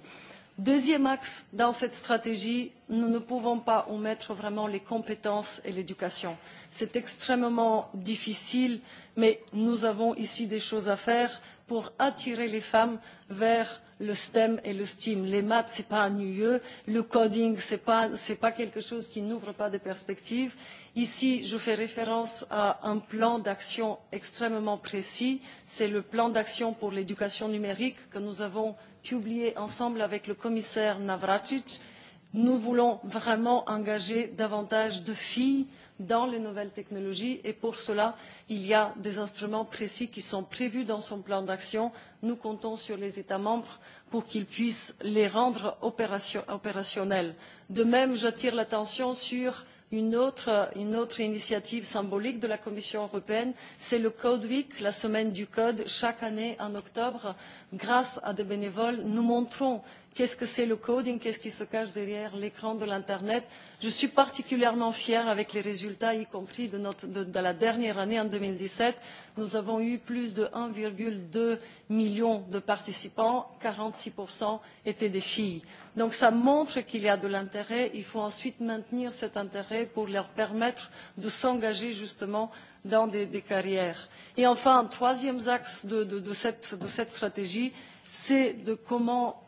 Deuxième axe dans cette stratégie, nous ne pouvons pas omettre vraiment les compétences et l'éducation. C'est extrêmement difficile, mais nous avons ici des choses à faire pour attirer les femmes vers le STEM et le STEAM. Les maths, ce n'est pas ennuyeux, le coding, ce n'est pas, pas quelque chose qui n'ouvre pas de perspectives. Ici, je fais référence à un plan d'action extrêmement précis, c'est le plan d'action pour l'éducation numérique que nous avons publié ensemble avec le commissaire Navracsics, nous voulons vraiment engager davantage de filles dans les nouvelles technologies et pour cela, il y a des instruments précis qui sont prévus dans son plan d'action. Nous comptons sur les États membres pour qu'ils puissent les rendre opération, opérationnels. De même, j'attire l'attention sur une autre, une autre initiative symbolique de la Commission européenne, c'est le Code Week, la semaine du Code, chaque année en octobre. Grâce à des bénévoles, nous montrons qu'est-ce que c'est le coding, qu'est-ce qui se cache derrière l'écran de l'Internet. Je suis particulièrement fière avec les résultats, y compris de, notre, de, de la dernière année en 2017. Nous avons eu plus de 1,2 million de participants, 46% étaient des filles. Donc ça montre qu'il y a de l'intérêt, il faut ensuite maintenir cet intérêt pour leur permettre de s'engager justement dans des, des carrières. Et enfin, un troisième axe de, de, de, cette, de cette stratégie, c'est de comment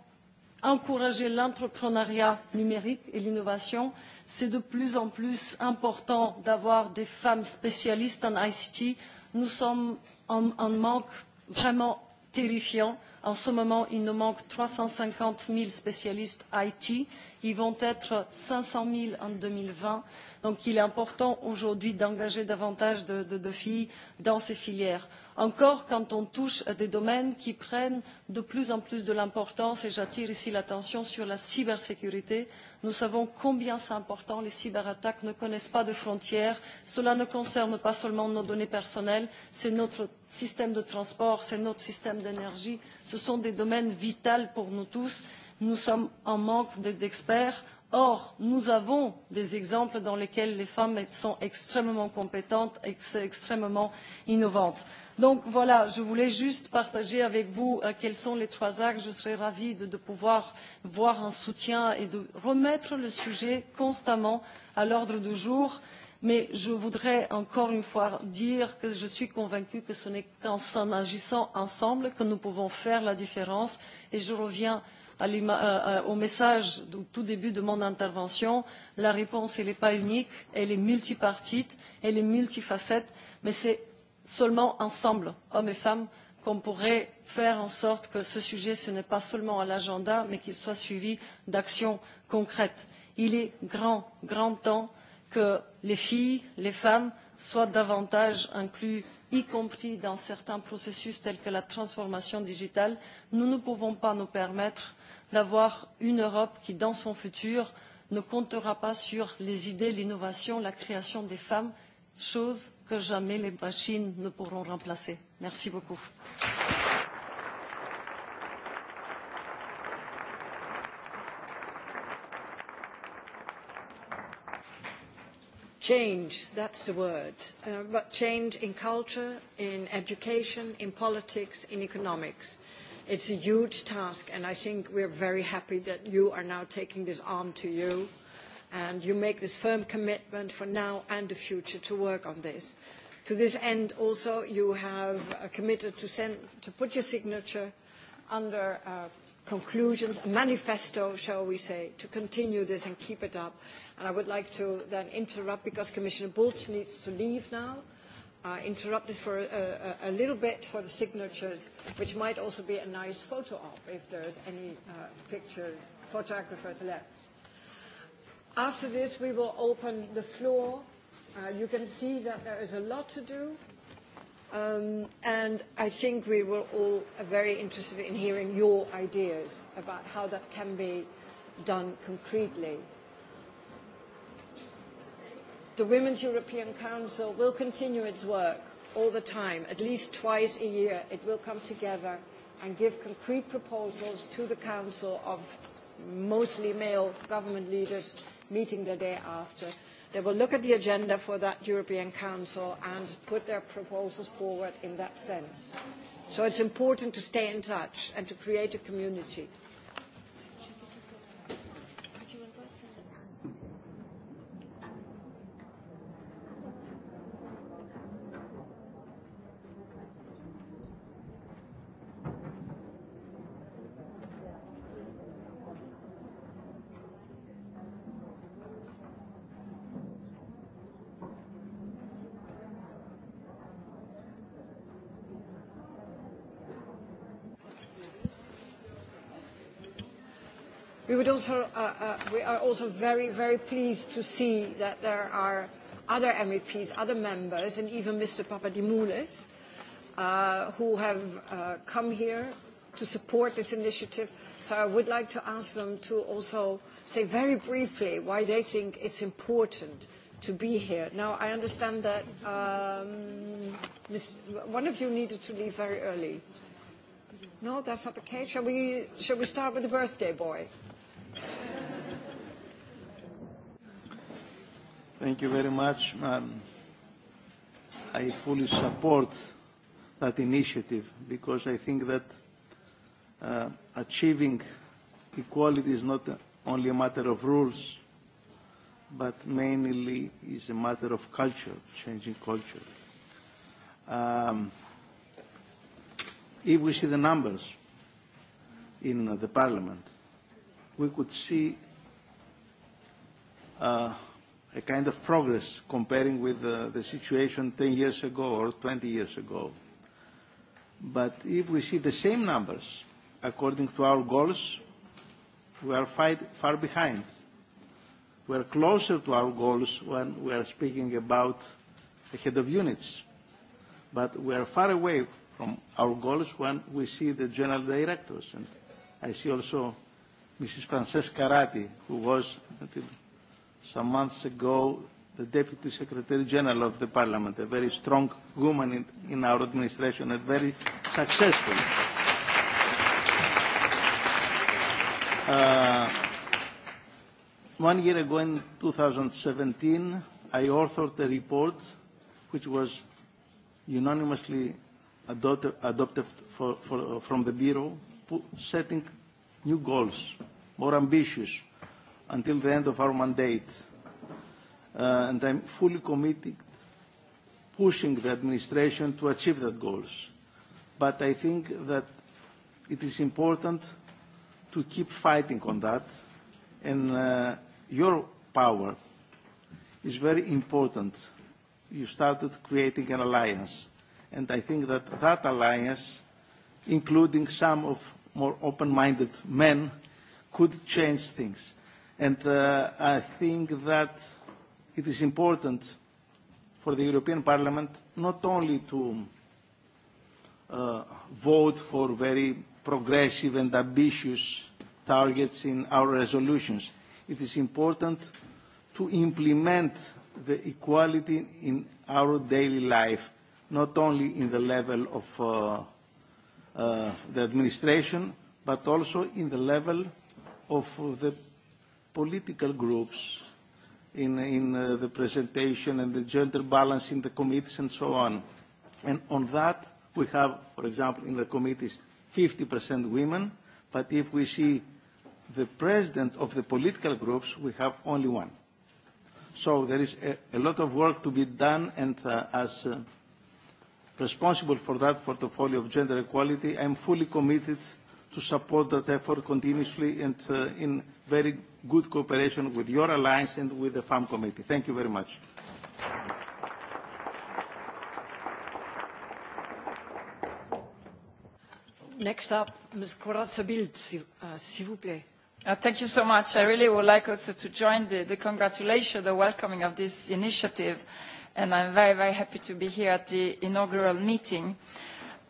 encourager l'entrepreneuriat numérique et l'innovation. C'est de plus en plus important d'avoir des femmes spécialistes en ICT. Nous sommes en, en manque vraiment terrifiant. En ce moment, il nous manque 350 000 spécialistes IT. Ils vont être 500 000 en 2020. Donc il est important aujourd'hui d'engager davantage de, de, de filles dans ces filières encore quand on touche à des domaines qui prennent de plus en plus de l'importance et j'attire ici l'attention sur la cybersécurité. Nous savons combien c'est important, les cyberattaques ne connaissent pas de frontières, cela ne concerne pas seulement nos données personnelles, c'est notre système de transport, c'est notre système d'énergie, ce sont des domaines vitaux pour nous tous. Nous sommes en manque d'experts. Or, nous avons des exemples dans lesquels les femmes sont extrêmement compétentes, et extrêmement innovantes. Donc voilà, je voulais juste partager avec vous euh, quels sont les trois axes. Je serais ravie de, de pouvoir voir un soutien et de remettre le sujet constamment à l'ordre du jour. Mais je voudrais encore une fois dire que je suis convaincue que ce n'est qu'en agissant ensemble que nous pouvons faire la différence. Et je reviens à euh, euh, au message du tout début de mon intervention. La réponse, n'est pas unique, elle est multipartite, elle est multifacette, mais c'est seulement ensemble, hommes et femmes, qu'on pourrait faire en sorte que ce sujet, ce n'est pas seulement à l'agenda, mais qu'il soit suivi d'actions concrètes. Il est grand, grand temps que les filles, les femmes soient davantage incluses, y compris dans certains processus tels que la transformation digitale. Nous ne pouvons pas nous permettre d'avoir une Europe qui, dans son futur, ne comptera pas sur les idées, l'innovation, la création des femmes, chose que jamais les machines ne pourront remplacer. Merci beaucoup. Change, that's the word. Uh, but change in culture, in education, in politics, in economics. It's a huge task, and I think we're very happy that you are now taking this on to you and you make this firm commitment for now and the future to work on this. To this end, also, you have uh, committed to, send, to put your signature under uh, conclusions, a manifesto, shall we say, to continue this and keep it up. And I would like to then interrupt, because Commissioner Bulc needs to leave now, uh, interrupt this for a, a, a little bit for the signatures, which might also be a nice photo op if there's any uh, picture photographers left. After this, we will open the floor. Uh, you can see that there is a lot to do. Um, and I think we were all very interested in hearing your ideas about how that can be done concretely. The Women's European Council will continue its work all the time, at least twice a year. It will come together and give concrete proposals to the Council of mostly male government leaders meeting the day after. They will look at the agenda for that European Council and put their proposals forward in that sense. So it's important to stay in touch and to create a community. would also, uh, uh, we are also very, very pleased to see that there are other MEPs, other members, and even Mr. Papadimoulis, uh, who have uh, come here to support this initiative. So I would like to ask them to also say very briefly why they think it's important to be here. Now, I understand that um, Ms. one of you needed to leave very early. No, that's not the case. Shall we, shall we start with the birthday boy? Thank you very much. Um, I fully support that initiative because I think that uh, achieving equality is not only a matter of rules, but mainly is a matter of culture, changing culture. Um, if we see the numbers in the parliament, we could see uh, a kind of progress comparing with uh, the situation 10 years ago or 20 years ago. But if we see the same numbers according to our goals, we are fight, far behind. We are closer to our goals when we are speaking about the head of units. But we are far away from our goals when we see the general directors. And I see also Mrs. Francesca Ratti, who was until some months ago the Deputy Secretary General of the Parliament, a very strong woman in, in our administration and very successful. Uh, one year ago in 2017, I authored a report which was unanimously adopted, adopted for, for, from the Bureau setting new goals, more ambitious, until the end of our mandate. Uh, and I'm fully committed pushing the administration to achieve that goals. But I think that it is important to keep fighting on that, and uh, your power is very important. You started creating an alliance, and I think that that alliance, including some of more open-minded men could change things. And uh, I think that it is important for the European Parliament not only to uh, vote for very progressive and ambitious targets in our resolutions. It is important to implement the equality in our daily life, not only in the level of uh, Uh, the administration, but also in the level of the political groups in, in uh, the presentation and the gender balance in the committees and so on. And on that, we have, for example, in the committees, 50% women, but if we see the president of the political groups, we have only one. So there is a, a lot of work to be done, and uh, as uh, responsible for that portfolio of gender equality. I am fully committed to support that effort continuously and uh, in very good cooperation with your alliance and with the FAM committee. Thank you very much. Next up, Ms. Corazza Bild, uh, s'il vous plaît. Uh, thank you so much. I really would like also to join the, the congratulations, the welcoming of this initiative and I'm very, very happy to be here at the inaugural meeting.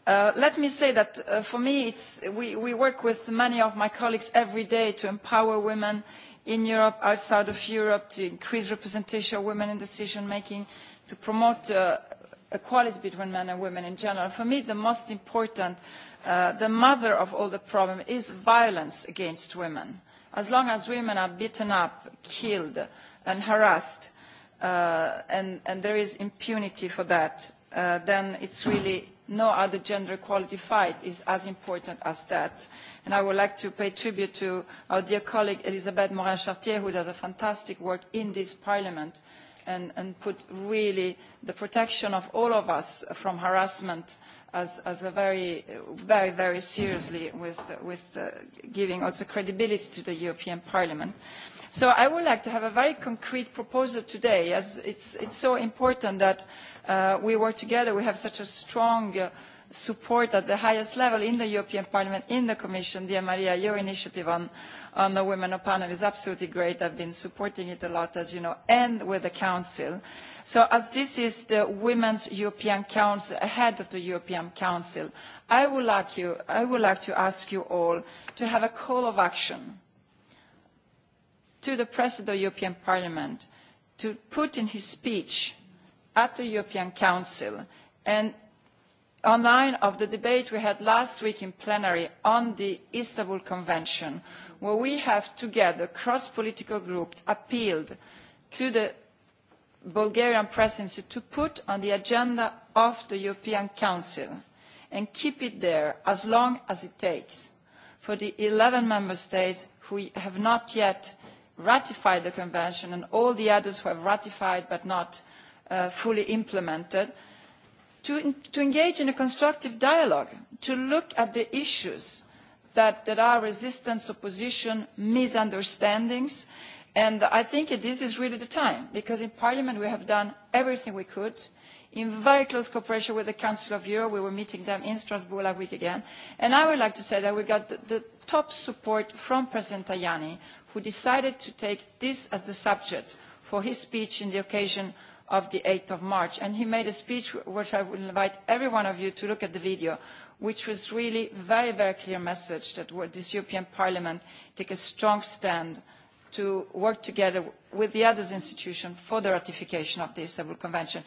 Uh, let me say that uh, for me, it's, we, we work with many of my colleagues every day to empower women in Europe, outside of Europe, to increase representation of women in decision-making, to promote uh, equality between men and women in general. For me, the most important, uh, the mother of all the problem is violence against women. As long as women are beaten up, killed and harassed, uh, and, and there is impunity for that, uh, then it's really no other gender equality fight is as important as that. And I would like to pay tribute to our dear colleague Elisabeth Morin-Chartier, who does a fantastic work in this parliament and, and put really the protection of all of us from harassment as, as a very, very, very seriously with, with uh, giving also credibility to the European Parliament. Uh, So I would like to have a very concrete proposal today, as it's, it's so important that uh, we work together, we have such a strong uh, support at the highest level in the European Parliament, in the Commission. Dear Maria, your initiative on, on the Women of Panama is absolutely great. I've been supporting it a lot, as you know, and with the Council. So as this is the Women's European Council, ahead of the European Council, I would like, you, I would like to ask you all to have a call of action to the President of the European Parliament to put in his speech at the European Council and online of the debate we had last week in plenary on the Istanbul Convention, where we have together, cross-political groups, appealed to the Bulgarian presidency to put on the agenda of the European Council and keep it there as long as it takes for the eleven member states who have not yet ratified the convention and all the others who have ratified but not uh, fully implemented, to, to engage in a constructive dialogue, to look at the issues that, that are resistance, opposition, misunderstandings. And I think this is really the time, because in Parliament we have done everything we could in very close cooperation with the Council of Europe. We were meeting them in Strasbourg last week again. And I would like to say that we got the, the top support from President Tajani, who decided to take this as the subject for his speech on the occasion of the 8th of March. And he made a speech which I would invite every one of you to look at the video, which was really a very, very clear message that this European Parliament take a strong stand to work together with the other institutions for the ratification of the Istanbul Convention.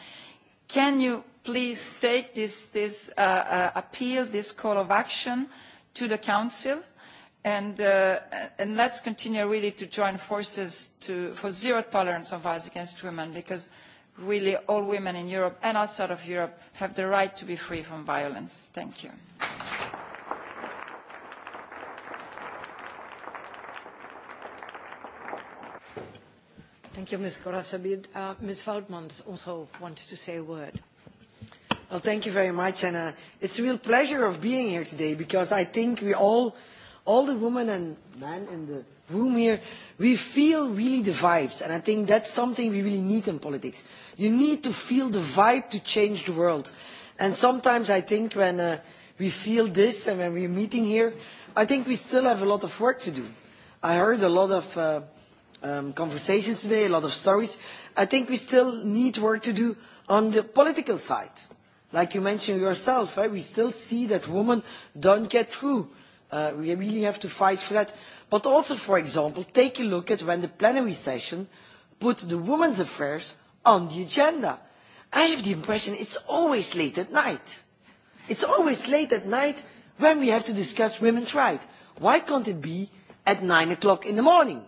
Can you please take this, this uh, uh, appeal, this call of action to the Council? And, uh, and let's continue really to join forces to, for zero tolerance of violence against women because really all women in Europe and outside of Europe have the right to be free from violence. Thank you. Thank you, Ms. Gorasabid. Uh, Ms. Feldmans also wanted to say a word. Well, thank you very much, and uh, it's a real pleasure of being here today because I think we all – all the women and men in the room here, we feel really the vibes. And I think that's something we really need in politics. You need to feel the vibe to change the world. And sometimes I think when uh, we feel this and when we're meeting here, I think we still have a lot of work to do. I heard a lot of uh, um, conversations today, a lot of stories. I think we still need work to do on the political side. Like you mentioned yourself, right? we still see that women don't get through Uh, we really have to fight for that. But also, for example, take a look at when the plenary session put the women's affairs on the agenda. I have the impression it's always late at night. It's always late at night when we have to discuss women's rights. Why can't it be at nine o'clock in the morning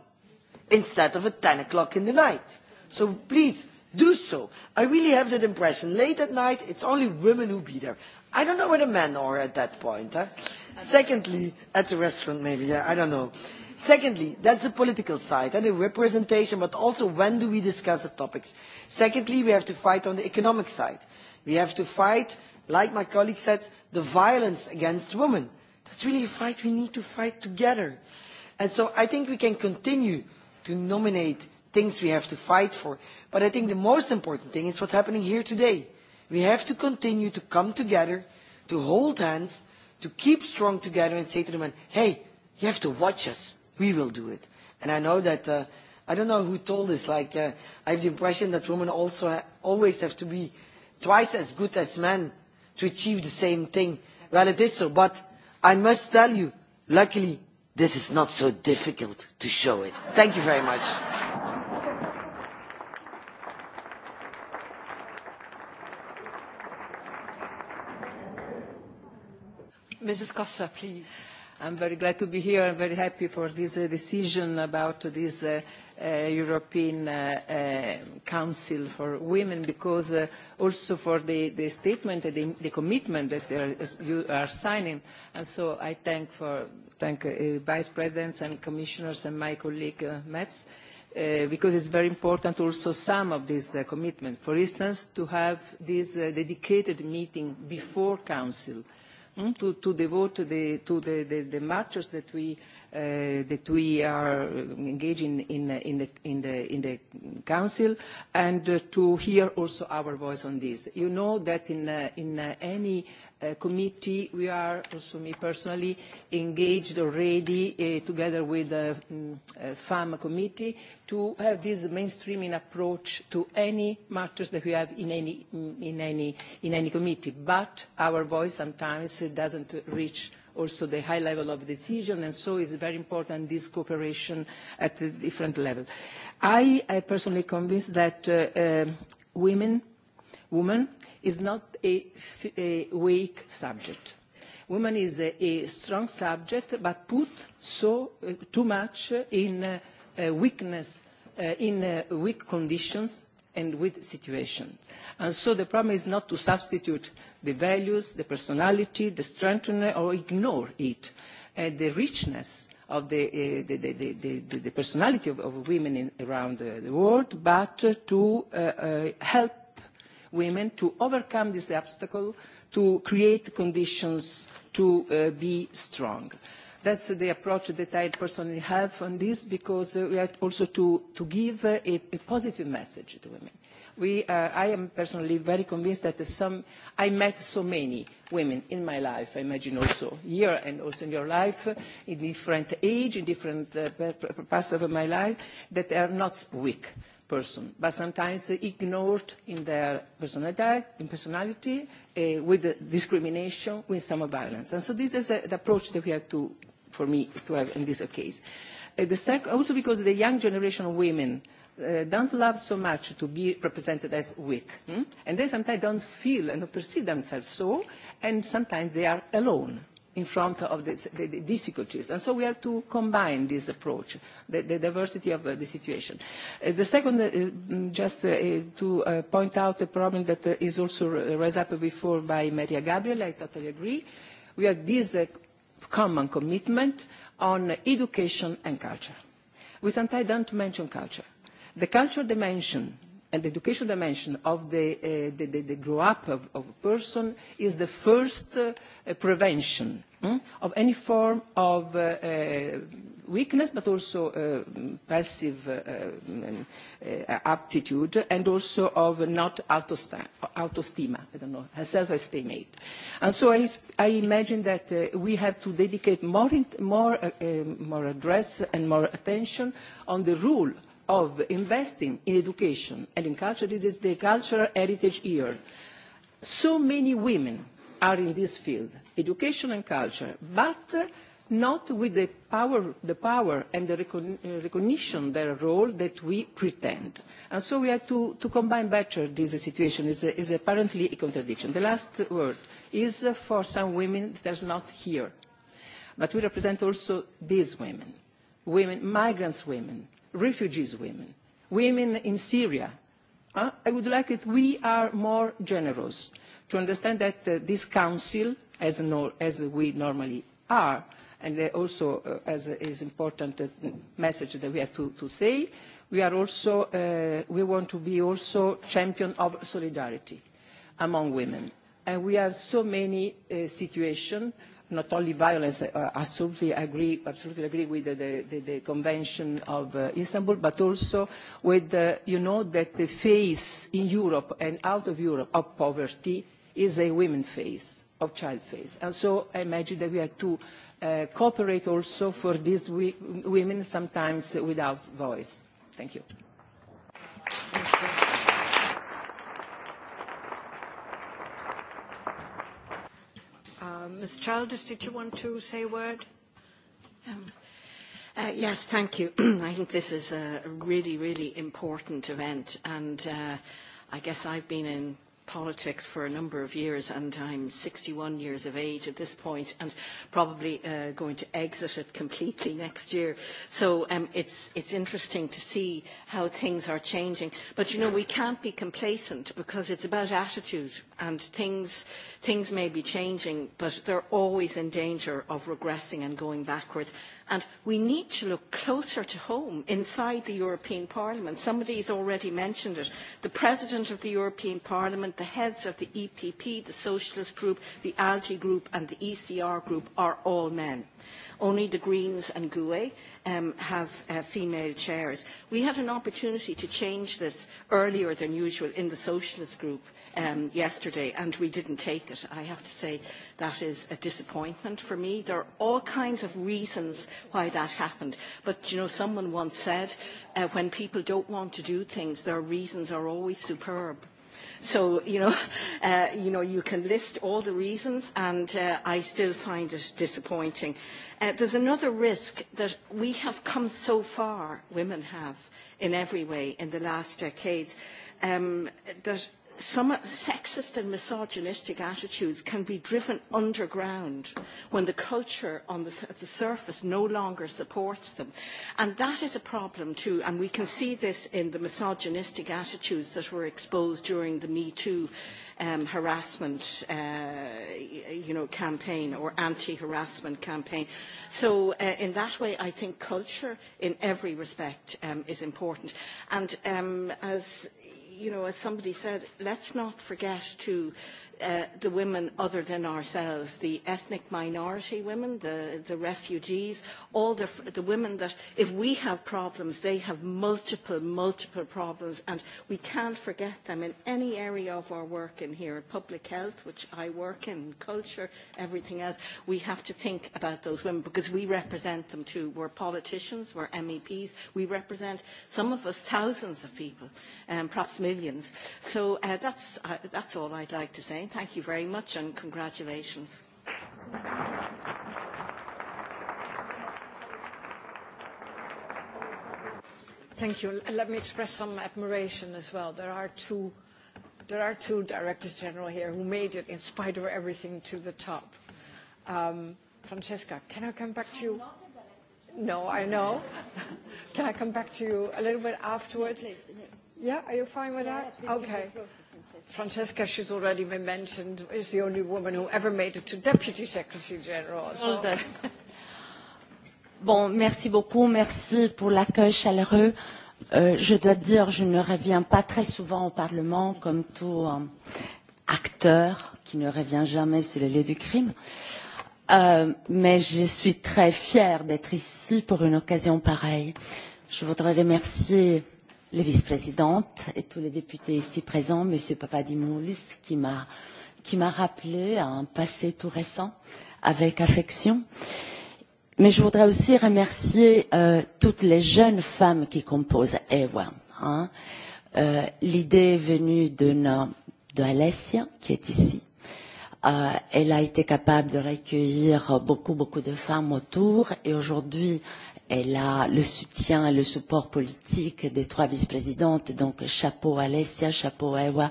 instead of at ten o'clock in the night? So please, do so. I really have that impression. Late at night, it's only women who be there. I don't know where the men are at that point. Huh? Secondly, at the restaurant maybe, yeah, I don't know. Secondly, that's the political side and the representation, but also when do we discuss the topics. Secondly, we have to fight on the economic side. We have to fight, like my colleague said, the violence against women. That's really a fight we need to fight together. And so I think we can continue to nominate things we have to fight for. But I think the most important thing is what's happening here today. We have to continue to come together, to hold hands, to keep strong together and say to the men, hey, you have to watch us. We will do it. And I know that, uh, I don't know who told this, like, uh, I have the impression that women also ha always have to be twice as good as men to achieve the same thing. Well, it is so, but I must tell you, luckily, this is not so difficult to show it. Thank you very much. Mrs. Costa, please. I'm very glad to be here. I'm very happy for this uh, decision about this uh, uh, European uh, uh, Council for Women because uh, also for the, the statement and the, the commitment that they are, you are signing. And so I thank, for, thank uh, Vice Presidents and Commissioners and my colleague uh, MEPS uh, because it's very important also some of this uh, commitment. For instance, to have this uh, dedicated meeting before Council uh, mm, to, to devote the, to the, the, the matches that we, uh, that we are engaging in, uh, in, the, in, the, in the Council and uh, to hear also our voice on this. You know that in, uh, in uh, any Uh, committee, we are also me personally engaged already uh, together with the uh, um, mm, uh, FAM committee to have this mainstreaming approach to any matters that we have in any, mm, in any, in any committee. But our voice sometimes doesn't reach also the high level of decision, and so it's very important this cooperation at a different level. I am personally convinced that uh, uh, women, women is not a, a weak subject. Women is a, a strong subject, but put so uh, too much in uh, uh, weakness, uh, in uh, weak conditions and with situation. And so the problem is not to substitute the values, the personality, the strength, uh, or ignore it. Uh, the richness of the, uh, the, the, the, the, the personality of, of women in, around the, uh, the world, but uh, to uh, uh, help women to overcome this obstacle, to create conditions to uh, be strong. That's the approach that I personally have on this because uh, we have also to, to give uh, a, a positive message to women. We, uh, I am personally very convinced that some, I met so many women in my life, I imagine also here and also in your life, in different age, in different uh, parts of my life, that are not weak person, but sometimes ignored in their personality, in personality uh, with discrimination, with some violence. And so this is a, uh, the approach that we have to, for me, to have in this case. Uh, the sec also because the young generation of women uh, don't love so much to be represented as weak. Hmm? And they sometimes don't feel and perceive themselves so, and sometimes they are alone in front of this, the, the difficulties. And so we have to combine this approach, the, the diversity of uh, the situation. Uh, the second, uh, mm, just uh, uh, to uh, point out a problem that uh, is also raised up before by Maria Gabriel, I totally agree. We have this uh, common commitment on education and culture. We sometimes don't mention culture. The cultural dimension and the education dimension of the, uh, the, the, the grow up of, of a person is the first uh, prevention mm, of any form of uh, uh, weakness but also uh, passive uh, um, uh, aptitude and also of not autostima, I don't know, self-estimate. And so I, I imagine that uh, we have to dedicate more, more, uh, um, more address and more attention on the rule of investing in education and in culture. This is the Cultural Heritage Year. So many women are in this field, education and culture, but not with the power, the power and the uh, recognition their role that we pretend. And so we have to, to combine better this situation. is is apparently a contradiction. The last word is for some women that are not here. But we represent also these women, women, migrants women, refugees women, women in Syria. Uh, I would like it, we are more generous to understand that uh, this council, as, no, as we normally are, and uh, also uh, as uh, is important uh, message that we have to, to say, we are also, uh, we want to be also champion of solidarity among women. And we have so many uh, situations not only violence, I absolutely agree, absolutely agree with the, the, the Convention of uh, Istanbul, but also with, uh, you know, that the face in Europe and out of Europe of poverty is a women face, of child face. And so I imagine that we have to uh, cooperate also for these women, sometimes without voice. Thank you. Thank you. Ms. Um, Childers, did you want to say a word? Um, uh, yes, thank you. I think this is a really, really important event, and uh, I guess I've been in politics for a number of years and I'm 61 years of age at this point and probably uh, going to exit it completely next year. So um, it's, it's interesting to see how things are changing. But you know, we can't be complacent because it's about attitude and things, things may be changing, but they're always in danger of regressing and going backwards. And we need to look closer to home inside the European Parliament. Somebody has already mentioned it. The President of the European Parliament, the heads of the EPP, the Socialist Group, the Algae Group and the ECR Group are all men. Only the Greens and GUE um, have uh, female chairs. We had an opportunity to change this earlier than usual in the Socialist Group um, yesterday and we didn't take it. I have to say that is a disappointment for me. There are all kinds of reasons why that happened. But, you know, someone once said, uh, when people don't want to do things, their reasons are always superb. So, you know, uh, you know, you can list all the reasons, and uh, I still find it disappointing. Uh, there's another risk that we have come so far, women have, in every way in the last decades, um, that some sexist and misogynistic attitudes can be driven underground when the culture on the, the surface no longer supports them. And that is a problem too, and we can see this in the misogynistic attitudes that were exposed during the Me Too um, harassment uh, you know, campaign or anti-harassment campaign. So uh, in that way, I think culture in every respect um, is important. And um, as you know, as somebody said, let's not forget to Uh, the women other than ourselves, the ethnic minority women, the, the refugees, all the, the women that, if we have problems, they have multiple, multiple problems, and we can't forget them in any area of our work in here, public health, which I work in, culture, everything else. We have to think about those women because we represent them too. We're politicians, we're MEPs, we represent some of us thousands of people, um, perhaps millions. So uh, that's, uh, that's all I'd like to say thank you very much and congratulations. Thank you. Let me express some admiration as well. There are two, there are two directors general here who made it in spite of everything to the top. Um, Francesca, can I come back to you? No, I know. can I come back to you a little bit afterwards? Yeah, are you fine with that? Okay. Francesca, she's already been mentioned, is the only woman who ever made it to Deputy Secretary General. So. Bon, merci beaucoup, merci pour l'accueil chaleureux. Euh, je dois dire, je ne reviens pas très souvent au Parlement, comme tout euh, acteur qui ne revient jamais sur les lieux du crime. Euh, mais je suis très fière d'être ici pour une occasion pareille. Je voudrais remercier les vice-présidentes et tous les députés ici présents, M. Papadimoulis, qui m'a qui m'a rappelé à un passé tout récent avec affection. Mais je voudrais aussi remercier euh, toutes les jeunes femmes qui composent Ewa. Hein. Euh, L'idée est venue d'une de Alessia, qui est ici. Euh, elle a été capable de recueillir beaucoup, beaucoup de femmes autour et aujourd'hui, Elle a le soutien et le support politique des trois vice-présidentes, donc chapeau à Alessia, chapeau à Ewa,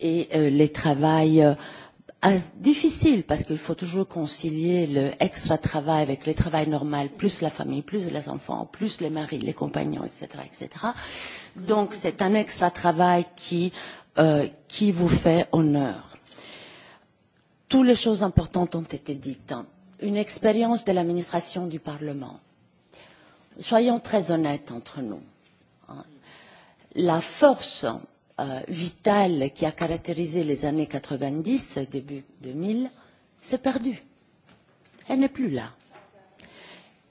et euh, les travail euh, ah, difficile parce qu'il faut toujours concilier le extra travail avec le travail normal, plus la famille, plus les enfants, plus les maris, les compagnons, etc., etc. Donc c'est un extra travail qui, euh, qui vous fait honneur. Toutes les choses importantes ont été dites. Une expérience de l'administration du Parlement soyons très honnêtes entre nous. La force euh, vitale qui a caractérisé les années 90, début 2000, s'est perdue. Elle n'est plus là.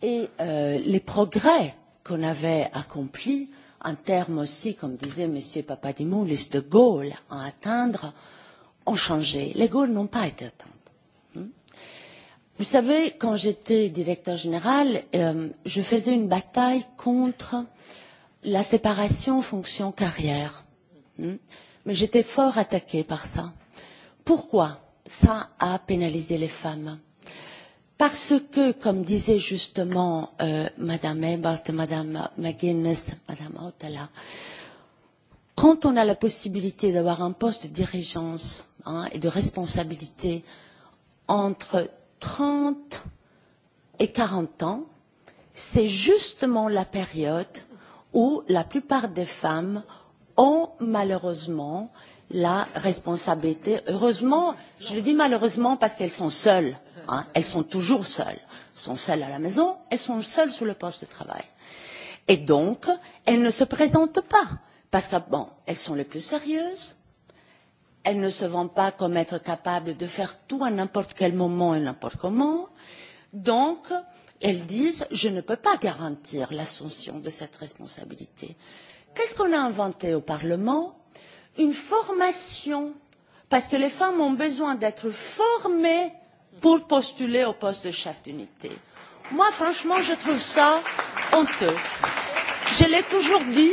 Et euh, les progrès qu'on avait accomplis en termes aussi, comme disait M. Papadimoulis, de Gaulle à atteindre, ont changé. Les Gaules n'ont pas été atteints. Vous savez, quand j'étais directeur général, euh, je faisais une bataille contre la séparation fonction-carrière. Hmm? Mais j'étais fort attaquée par ça. Pourquoi ça a pénalisé les femmes Parce que, comme disait justement euh, Madame Ebert, Madame McGuinness, Madame Otala, quand on a la possibilité d'avoir un poste de dirigeance hein, et de responsabilité entre 30 et 40 ans, c'est justement la période où la plupart des femmes ont malheureusement la responsabilité. Heureusement, je le dis malheureusement parce qu'elles sont seules. Hein, elles sont toujours seules. Elles sont seules à la maison, elles sont seules sur le poste de travail. Et donc, elles ne se présentent pas. Parce que, bon, elles sont les plus sérieuses, elles ne se vendent pas comme être capables de faire tout à n'importe quel moment et n'importe comment. Donc, elles disent, je ne peux pas garantir l'assumption de cette responsabilité. Qu'est-ce qu'on a inventé au Parlement Une formation, parce que les femmes ont besoin d'être formées pour postuler au poste de chef d'unité. Moi, franchement, je trouve ça honteux. Je l'ai toujours dit,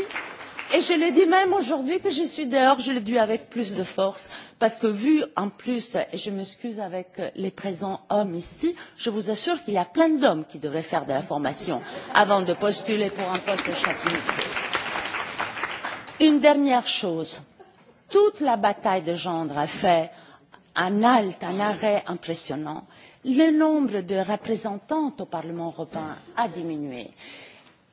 Et je le dis même aujourd'hui que je suis dehors, je le dis avec plus de force, parce que vu en plus, et je m'excuse avec les présents hommes ici, je vous assure qu'il y a plein d'hommes qui devraient faire de la formation avant de postuler pour un poste de Une dernière chose, toute la bataille de gendre a fait un halte, un arrêt impressionnant. Le nombre de représentantes au Parlement européen a diminué.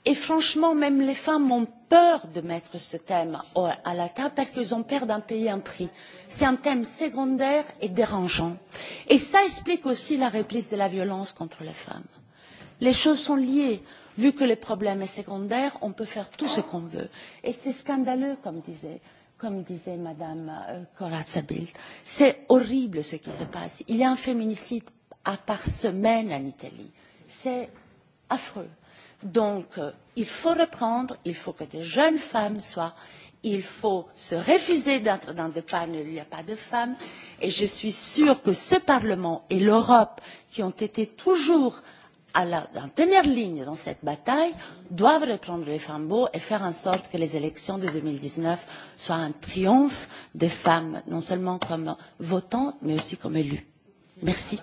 Et franchement, même les femmes ont peur de mettre ce thème euh, à la table parce qu'elles ont peur d'en payer un prix. C'est un thème secondaire et dérangeant. Et ça explique aussi la réplique de la violence contre les femmes. Les choses sont liées. Vu que le problème est secondaire, on peut faire tout ce qu'on veut. Et c'est scandaleux, comme disait, comme disait Madame euh, Corazza-Bild. C'est horrible ce qui se passe. Il y a un féminicide à par semaine en Italie. C'est affreux. Donc, euh, il faut reprendre, il faut que des jeunes femmes soient, il faut se refuser d'être dans des panneaux où il n'y a pas de femmes. Et je suis sûre que ce Parlement et l'Europe, qui ont été toujours à la, en première ligne dans cette bataille, doivent reprendre les flambeaux et faire en sorte que les élections de 2019 soient un triomphe des femmes, non seulement comme votantes, mais aussi comme élues. Merci.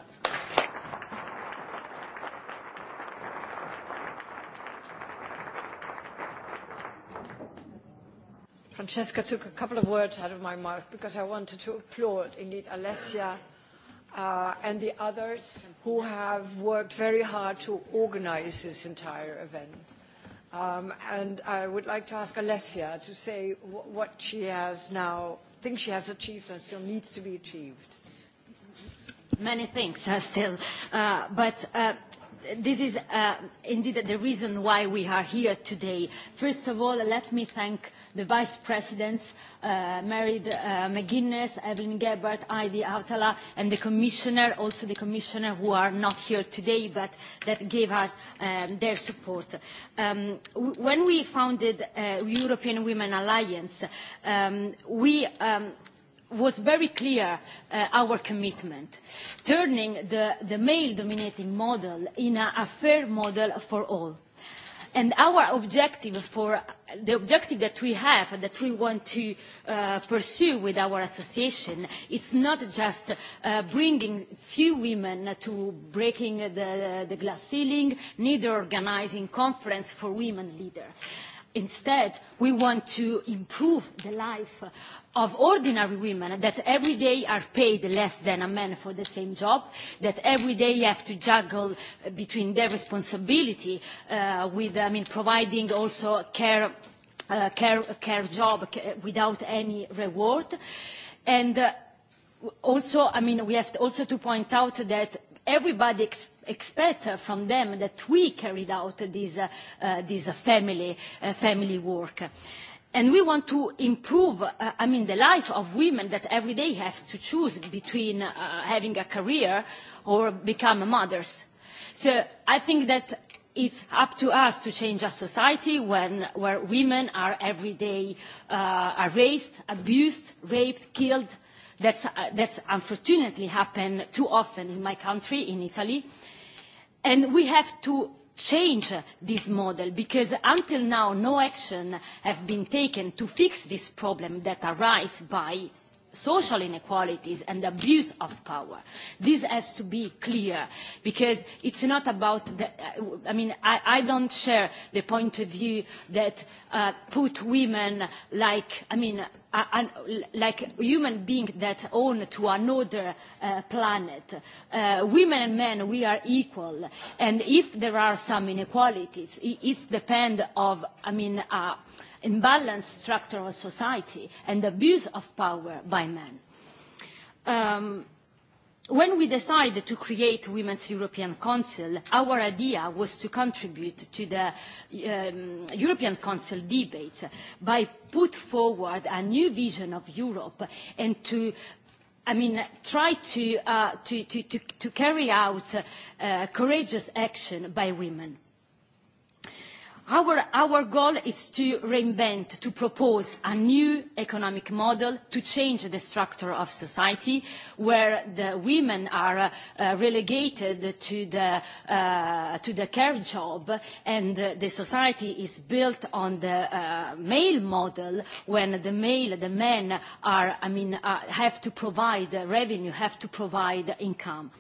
Francesca took a couple of words out of my mouth because I wanted to applaud indeed Alessia uh, and the others who have worked very hard to organize this entire event. Um, and I would like to ask Alessia to say wh what she has now, thinks she has achieved and still needs to be achieved. Many things are still, uh, but uh, this is uh, indeed the reason why we are here today. First of all, let me thank the vice presidents, uh, Mary uh, McGuinness, Evelyn Gebhardt, Heidi Autala and the commissioner, also the commissioner who are not here today, but that gave us um, their support. Um, when we founded uh, European Women Alliance, um, we um, was very clear uh, our commitment, turning the, the male-dominating model in a, a fair model for all. And our objective for the objective that we have and that we want to uh, pursue with our association, it's not just uh, bringing few women to breaking the, the glass ceiling, neither organizing conference for women leaders. Instead, we want to improve the life of ordinary women that every day are paid less than a man for the same job, that every day have to juggle uh, between their responsibility uh, with, I mean, providing also care, uh, care, care job without any reward. And uh, also, I mean, we have to also to point out that everybody ex expect from them that we carried out this, uh, uh, this family, uh, family work. And we want to improve, uh, I mean, the life of women that every day have to choose between uh, having a career or become mothers. So I think that it's up to us to change a society when, where women are every day uh, erased, abused, raped, killed. That's, uh, that's unfortunately happened too often in my country, in Italy. And we have to change this model because until now no action has been taken to fix this problem that arises by social inequalities and abuse of power. This has to be clear because it's not about, the, uh, I mean, I, I don't share the point of view that uh, put women like, I mean, uh, uh, like human beings that own to another uh, planet. Uh, women and men, we are equal. And if there are some inequalities, it, it depends of, I mean, uh, imbalanced structure of society and abuse of power by men. Um, when we decided to create Women's European Council, our idea was to contribute to the um, European Council debate by put forward a new vision of Europe and to I mean, try to, uh, to, to, to, to carry out uh, courageous action by women. Our, our goal is to reinvent, to propose a new economic model to change the structure of society where the women are uh, relegated to the, uh, to the care job and uh, the society is built on the uh, male model when the male, the men are, I mean, uh, have to provide revenue, have to provide income.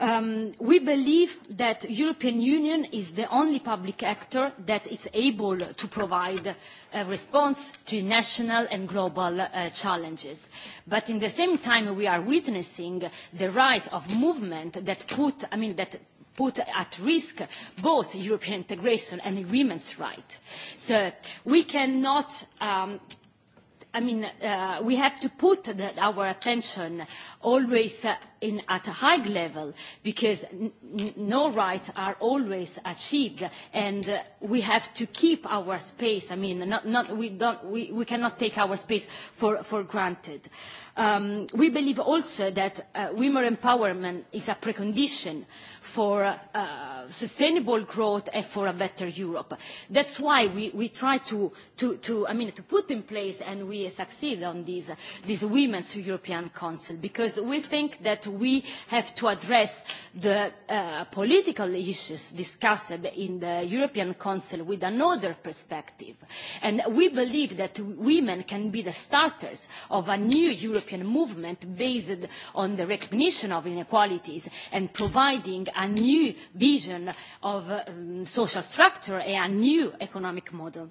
Um, we believe that the European Union is the only public actor that is able to provide a response to national and global uh, challenges. But in the same time, we are witnessing the rise of movement that put, I mean, that put at risk both European integration and women's rights. So we cannot um, I mean, uh, we have to put the, our attention always uh, in, at a high level because n no rights are always achieved and uh, we have to keep our space. I mean, not, not, we, don't, we, we cannot take our space for, for granted. Um, we believe also that uh, women empowerment is a precondition for uh, sustainable growth and for a better Europe. That's why we, we try to, to, to, I mean, to put in place and we succeed on this Women's European Council because we think that we have to address the uh, political issues discussed in the European Council with another perspective. And we believe that women can be the starters of a new European movement based on the recognition of inequalities and providing a new vision of uh, um, social structure and a new economic model.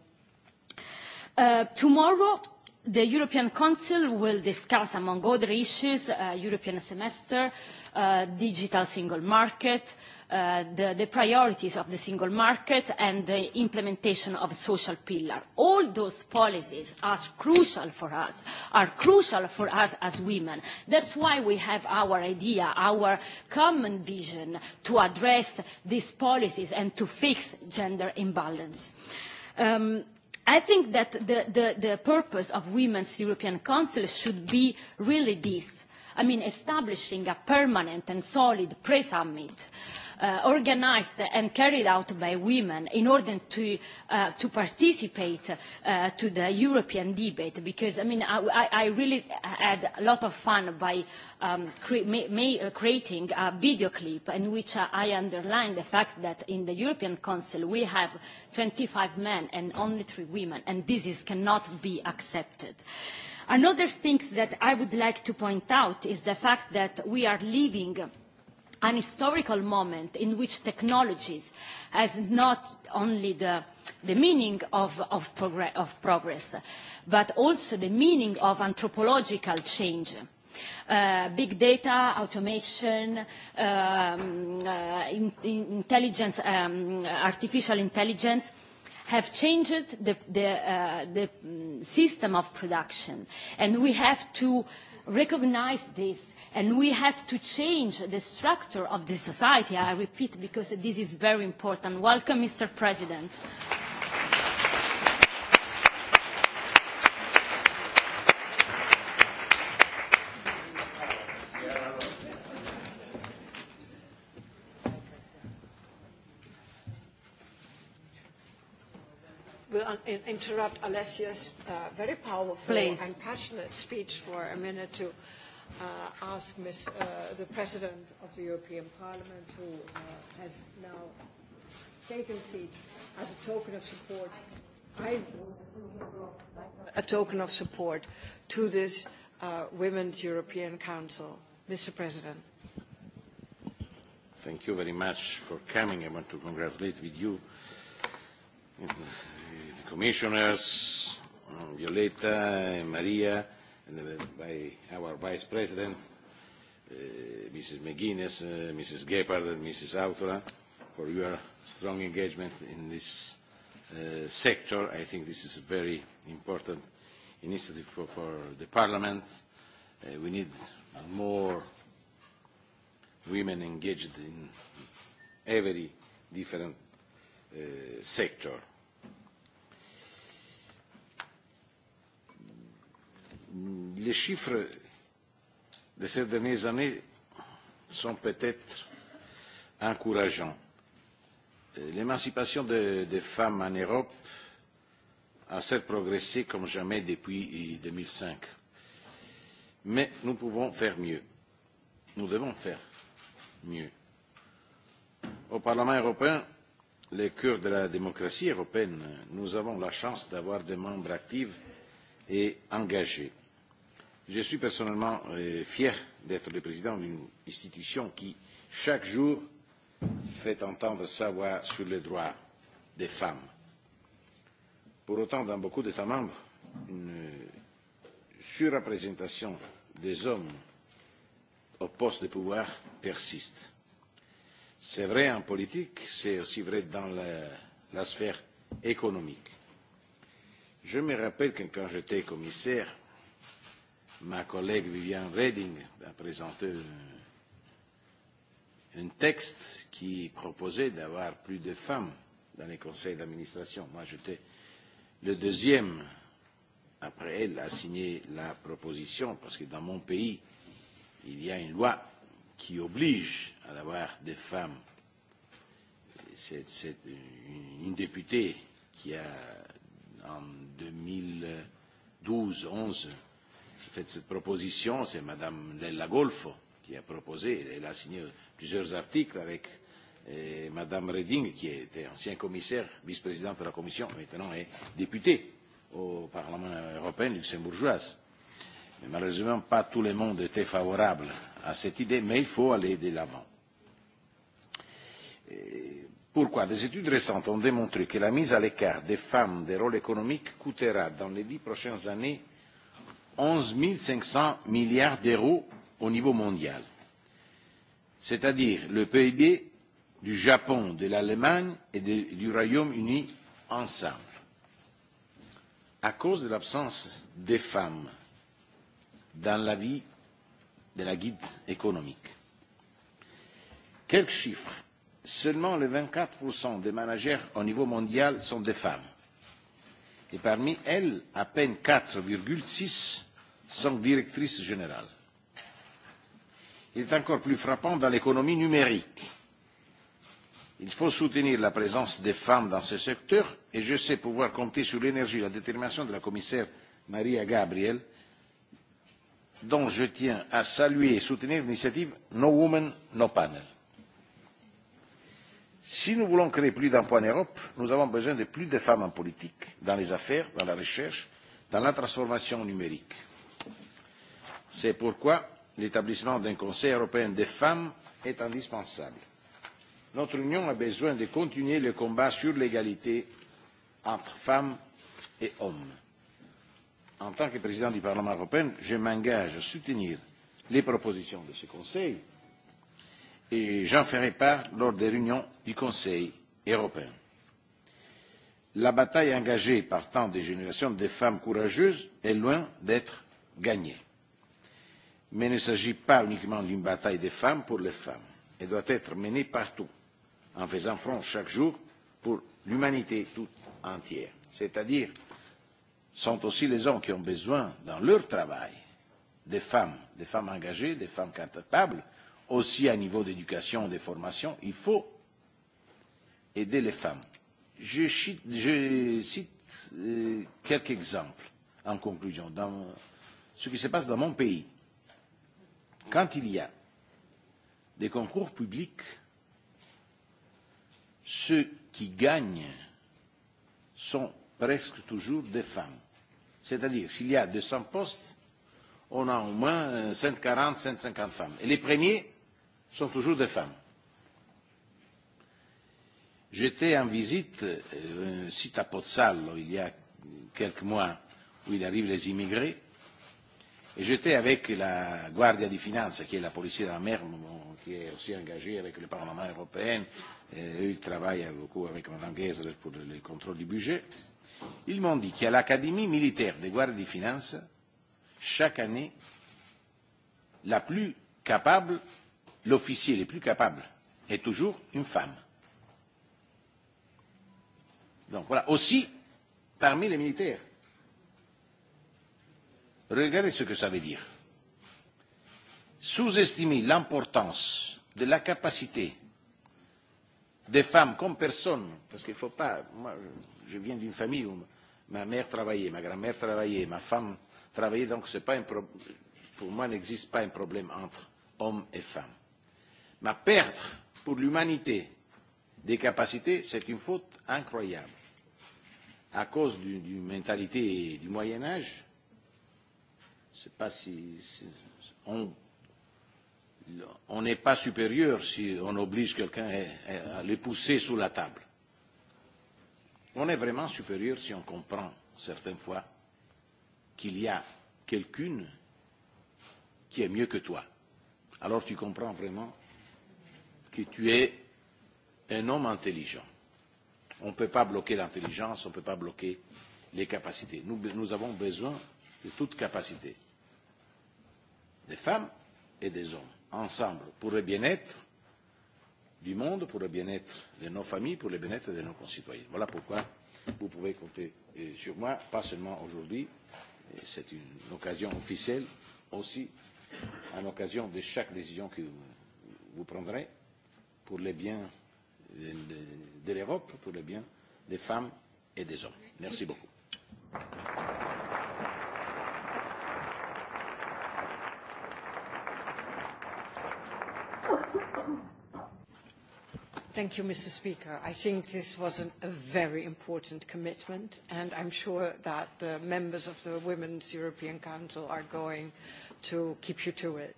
Uh, tomorrow, the European Council will discuss, among other issues, uh, European semester, uh, digital single market, uh, Uh, the, the priorities of the single market and the implementation of social pillar. All those policies are crucial for us, are crucial for us as women. That's why we have our idea, our common vision to address these policies and to fix gender imbalance. Um, I think that the, the, the purpose of Women's European Council should be really this. I mean, establishing a permanent and solid pre-summit uh, uh, organized and carried out by women in order to, uh, to participate uh, to the European debate because I mean I, I really had a lot of fun by um, cre may, may, uh, creating a video clip in which uh, I underline the fact that in the European Council we have 25 men and only three women and this is, cannot be accepted. Another thing that I would like to point out is the fact that we are living an historical moment in which technologies has not only the, the meaning of, of, progr of progress, but also the meaning of anthropological change. Uh, big data, automation, um, uh, in, in intelligence, um, artificial intelligence, have changed the, the, uh, the mm, system of production. And we have to uh, recognize this and we have to change the structure of the society, I repeat, because this is very important. Welcome, Mr. President. in interrupt Alessia's uh, very powerful Please. and passionate speech for a minute to uh, ask Ms., uh, the President of the European Parliament, who uh, has now taken seat as a token of support. I a token of support to this uh, Women's European Council. Mr. President. Thank you very much for coming. I want to congratulate with you commissioners, Violeta and Maria, and by our vice president, uh, Mrs. McGuinness, uh, Mrs. Gephardt, and Mrs. Autola, for your strong engagement in this uh, sector. I think this is a very important initiative for, for the Parliament. Uh, we need more women engaged in every different uh, sector. les chiffres de ces dernières années sont peut-être encourageants. L'émancipation des de femmes en Europe a certes progressé comme jamais depuis 2005. Mais nous pouvons faire mieux. Nous devons faire mieux. Au Parlement européen, le cœur de la démocratie européenne, nous avons la chance d'avoir des membres actifs et engagés. Je suis personnellement euh, fier d'être le président d'une institution qui, chaque jour, fait entendre sa voix sur les droits des femmes. Pour autant, dans beaucoup d'États membres, une surreprésentation des hommes au poste de pouvoir persiste. C'est vrai en politique, c'est aussi vrai dans la, la sphère économique. Je me rappelle que quand j'étais commissaire, ma collègue Viviane Reding a présenté un texte qui proposait d'avoir plus de femmes dans les conseils d'administration. Moi, j'étais le deuxième, après elle, à signer la proposition, parce que dans mon pays, il y a une loi qui oblige à avoir des femmes. C'est une députée qui a, en 2012-11, fait cette proposition, c'est Madame Lella Golfo qui a proposé, elle a signé plusieurs articles avec eh, Madame Reding, qui était ancien commissaire, vice-présidente de la Commission, maintenant est députée au Parlement européen luxembourgeoise. Mais malheureusement, pas tout le monde était favorable à cette idée, mais il faut aller de l'avant. Eh, pourquoi Des études récentes ont démontré que la mise à l'écart des femmes des rôles économiques coûtera dans les dix prochaines années 11.500 milliards d'euros au niveau mondial, c'est-à-dire le PIB du Japon, de l'Allemagne et de, du Royaume-Uni ensemble. À cause de l'absence des femmes dans la vie de la guide économique. Quelques chiffres. Seulement les 24% des managers au niveau mondial sont des femmes. Et parmi elles, à peine sans directrice générale. Il est encore plus frappant dans l'économie numérique. Il faut soutenir la présence des femmes dans ce secteur et je sais pouvoir compter sur l'énergie et la détermination de la commissaire Maria Gabriel, dont je tiens à saluer et soutenir l'initiative No Woman, No Panel. Si nous voulons créer plus d'emplois en Europe, nous avons besoin de plus de femmes en politique, dans les affaires, dans la recherche, dans la transformation numérique. C'est pourquoi l'établissement d'un Conseil européen des femmes est indispensable. Notre Union a besoin de continuer le combat sur l'égalité entre femmes et hommes. En tant que président du Parlement européen, je m'engage à soutenir les propositions de ce Conseil et j'en ferai part lors des réunions du Conseil européen. La bataille engagée par tant de générations de femmes courageuses est loin d'être gagnée mais ne s'agit pas uniquement d'une bataille des femmes pour les femmes. Elle doit être menée partout, en faisant front chaque jour pour l'humanité toute entière. C'est-à-dire, sont aussi les hommes qui ont besoin, dans leur travail, des femmes, des femmes engagées, des femmes capables, aussi à niveau d'éducation, de formation. Il faut aider les femmes. Je, cite, je cite euh, quelques exemples en conclusion dans ce qui se passe dans mon pays Quand il y a des concours publics, ceux qui gagnent sont presque toujours des femmes. C'est-à-dire, s'il y a 200 postes, on a au moins 140, euh, 150 femmes. Et les premiers sont toujours des femmes. J'étais en visite, euh, site à Pozzallo, il y a quelques mois, où il arrive les immigrés, Et j'étais avec la Guardia di Finanza, qui est la police de la mer, qui est aussi engagée avec le Parlement européen. Et eux, ils travaillent beaucoup avec Mme Gessler pour le contrôle du budget. Ils m'ont dit qu'à l'Académie militaire des Guardia di Finanza, chaque année, la plus capable, l'officier le plus capable, est toujours une femme. Donc voilà, aussi parmi les militaires. Regardez ce que ça veut dire. Sous-estimer l'importance de la capacité des femmes comme personne, parce qu'il ne faut pas, moi je viens d'une famille où ma mère travaillait, ma grand-mère travaillait, ma femme travaillait, donc pas un pro... pour moi n'existe pas un problème entre hommes et femmes. Mais perdre pour l'humanité des capacités, c'est une faute incroyable. À cause d'une mentalité du Moyen Âge, Je sais pas si, si on on n'est pas supérieur si on oblige quelqu'un à, à les pousser sous la table. On est vraiment supérieur si on comprend, certaines fois, qu'il y a quelqu'une qui est mieux que toi. Alors tu comprends vraiment que tu es un homme intelligent. On ne peut pas bloquer l'intelligence, on ne peut pas bloquer les capacités. Nous, nous avons besoin de toute capacité des femmes et des hommes, ensemble, pour le bien-être du monde, pour le bien-être de nos familles, pour le bien-être de nos concitoyens. Voilà pourquoi vous pouvez compter euh, sur moi, pas seulement aujourd'hui, c'est une occasion officielle, aussi en occasion de chaque décision que vous prendrez pour le bien de, de, de l'Europe, pour le bien des femmes et des hommes. Merci beaucoup. Thank you, Mr. Speaker. I think this was an, a very important commitment, and I'm sure that the members of the Women's European Council are going to keep you to it.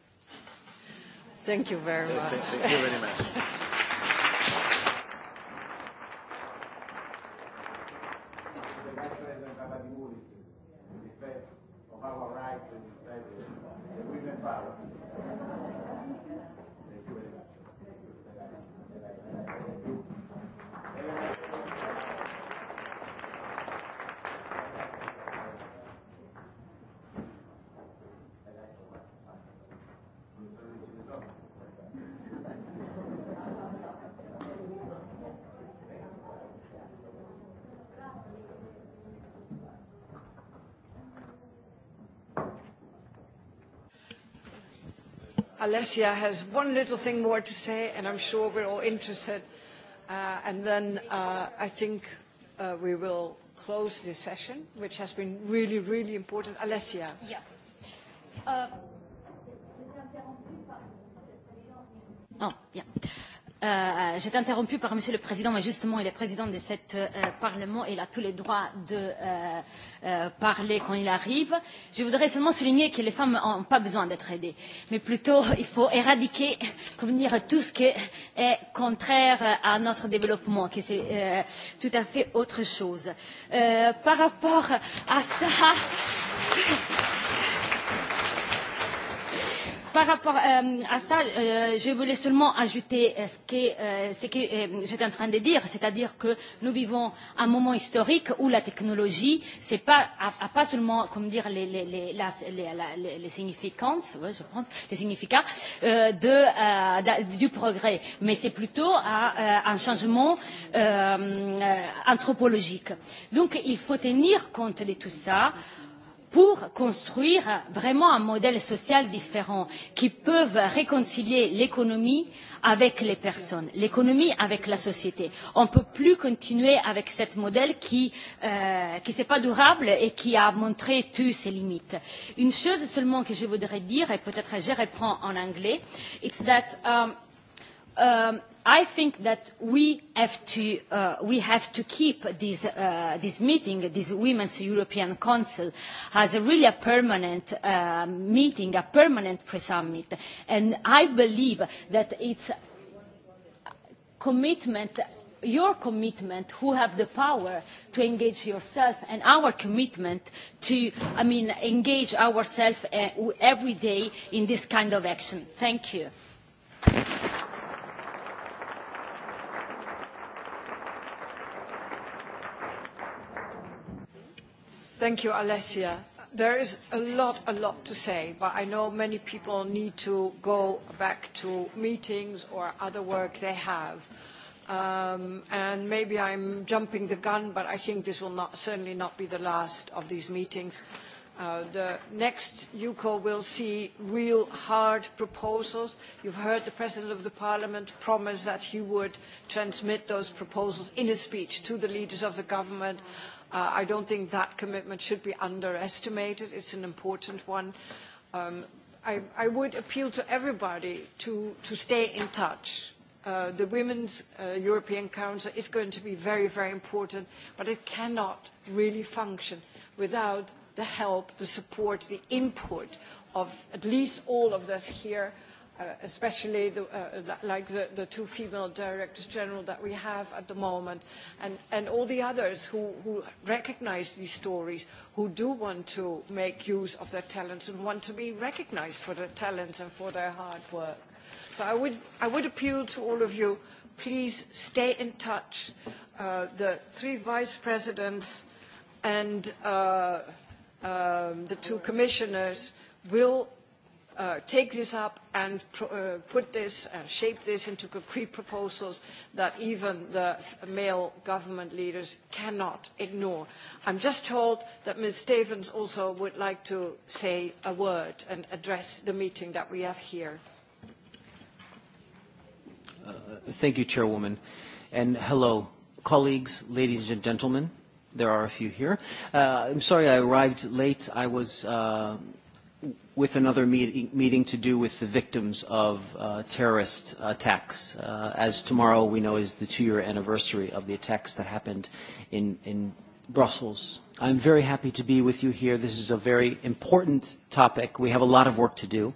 Thank you very much. Thank, thank you very much. Alessia has one little thing more to say, and I'm sure we're all interested. Uh, and then uh, I think uh, we will close this session, which has been really, really important. Alessia. Yeah. Uh, oh, yeah. Euh, J'étais interrompue par Monsieur le Président, mais justement, il est président de ce euh, Parlement et il a tous les droits de euh, euh, parler quand il arrive. Je voudrais seulement souligner que les femmes n'ont pas besoin d'être aidées, mais plutôt il faut éradiquer, comme dire, tout ce qui est contraire à notre développement, que c'est euh, tout à fait autre chose. Euh, par rapport à ça. Par rapport euh, à ça, euh, je voulais seulement ajouter euh, ce que, euh, que euh, j'étais en train de dire, c'est-à-dire que nous vivons un moment historique où la technologie c'est pas, a, a pas seulement comme dire, les, les, les, les, les, les, les significantes, ouais, je pense, les significats euh, de, euh, de, du progrès, mais c'est plutôt à, euh, un changement euh, euh anthropologique. Donc il faut tenir compte de tout ça. Euh, pour construire vraiment un modèle social différent qui peut réconcilier l'économie avec les personnes, l'économie avec la société. On ne peut plus continuer avec ce modèle qui, euh, qui n'est pas durable et qui a montré toutes ses limites. Une chose seulement que je voudrais dire, et peut-être je reprends en anglais, c'est que. um, um, I think that we have to, uh, we have to keep this, uh, this meeting, this Women's European Council, as a really a permanent uh, meeting, a permanent pre-summit. And I believe that it's commitment your commitment who have the power to engage yourself and our commitment to i mean engage ourselves uh, every day in this kind of action thank you Thank you, Alessia. There is a lot, a lot to say, but I know many people need to go back to meetings or other work they have. Um, and maybe I'm jumping the gun, but I think this will not, certainly not be the last of these meetings. Uh, the next UCO will see real hard proposals. You've heard the President of the Parliament promise that he would transmit those proposals in a speech to the leaders of the government. Mm -hmm Uh, I don't think that commitment should be underestimated. It's an important one. Um, I, I would appeal to everybody to, to stay in touch. Uh, the Women's uh, European Council is going to be very, very important, but it cannot really function without the help, the support, the input of at least all of us here Uh, especially the, uh, the, like the, the two female directors general that we have at the moment, and, and all the others who, who recognize these stories, who do want to make use of their talents and want to be recognized for their talents and for their hard work. So I would, I would appeal to all of you, please stay in touch. Uh, the three vice presidents and uh, um, the two commissioners will uh, take this up and pr uh, put this and shape this into concrete proposals that even the male government leaders cannot ignore. I'm just told that Ms. Stevens also would like to say a word and address the meeting that we have here. Uh, thank you, Chairwoman. And hello, colleagues, ladies and gentlemen. There are a few here. Uh, I'm sorry I arrived late. I was... Uh, with another meeting meeting to do with the victims of uh, terrorist attacks, uh, as tomorrow we know is the two-year anniversary of the attacks that happened in, in Brussels. I'm very happy to be with you here. This is a very important topic. We have a lot of work to do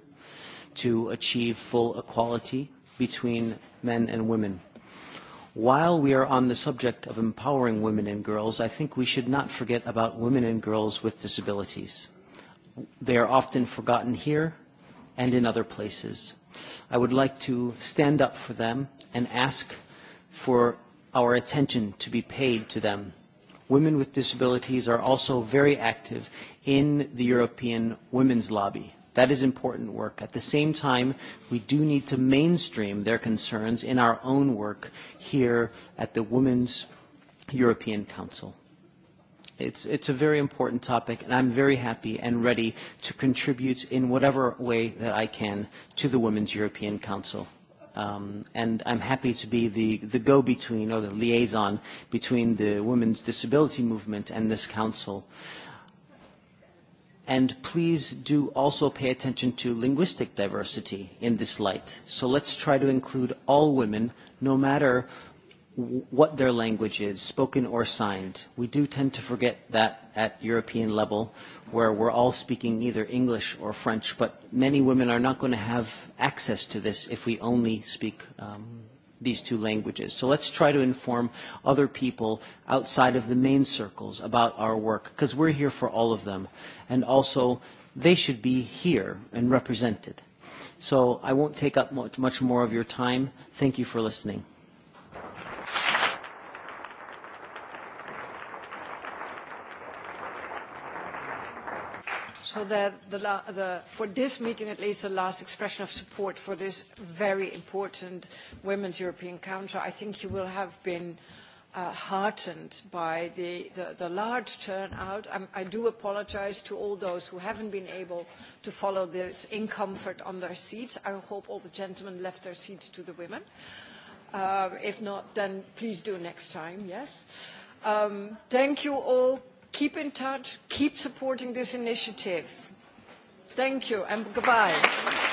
to achieve full equality between men and women. While we are on the subject of empowering women and girls, I think we should not forget about women and girls with disabilities. They are often forgotten here and in other places. I would like to stand up for them and ask for our attention to be paid to them. Women with disabilities are also very active in the European Women's Lobby. That is important work. At the same time, we do need to mainstream their concerns in our own work here at the Women's European Council. It's, it's a very important topic, and I'm very happy and ready to contribute in whatever way that I can to the Women's European Council. Um, and I'm happy to be the, the go-between or the liaison between the women's disability movement and this council. And please do also pay attention to linguistic diversity in this light. So let's try to include all women, no matter what their language is, spoken or signed. We do tend to forget that at European level, where we're all speaking either English or French, but many women are not going to have access to this if we only speak um, these two languages. So let's try to inform other people outside of the main circles about our work, because we're here for all of them. And also, they should be here and represented. So I won't take up much more of your time. Thank you for listening. so that the, la the, for this meeting at least the last expression of support for this very important Women's European Council, I think you will have been uh, heartened by the, the, the large turnout. I'm, I do apologize to all those who haven't been able to follow this in comfort on their seats. I hope all the gentlemen left their seats to the women. Uh, if not, then please do next time, yes. Um, thank you all. Keep in touch, keep supporting this initiative. Thank you and goodbye.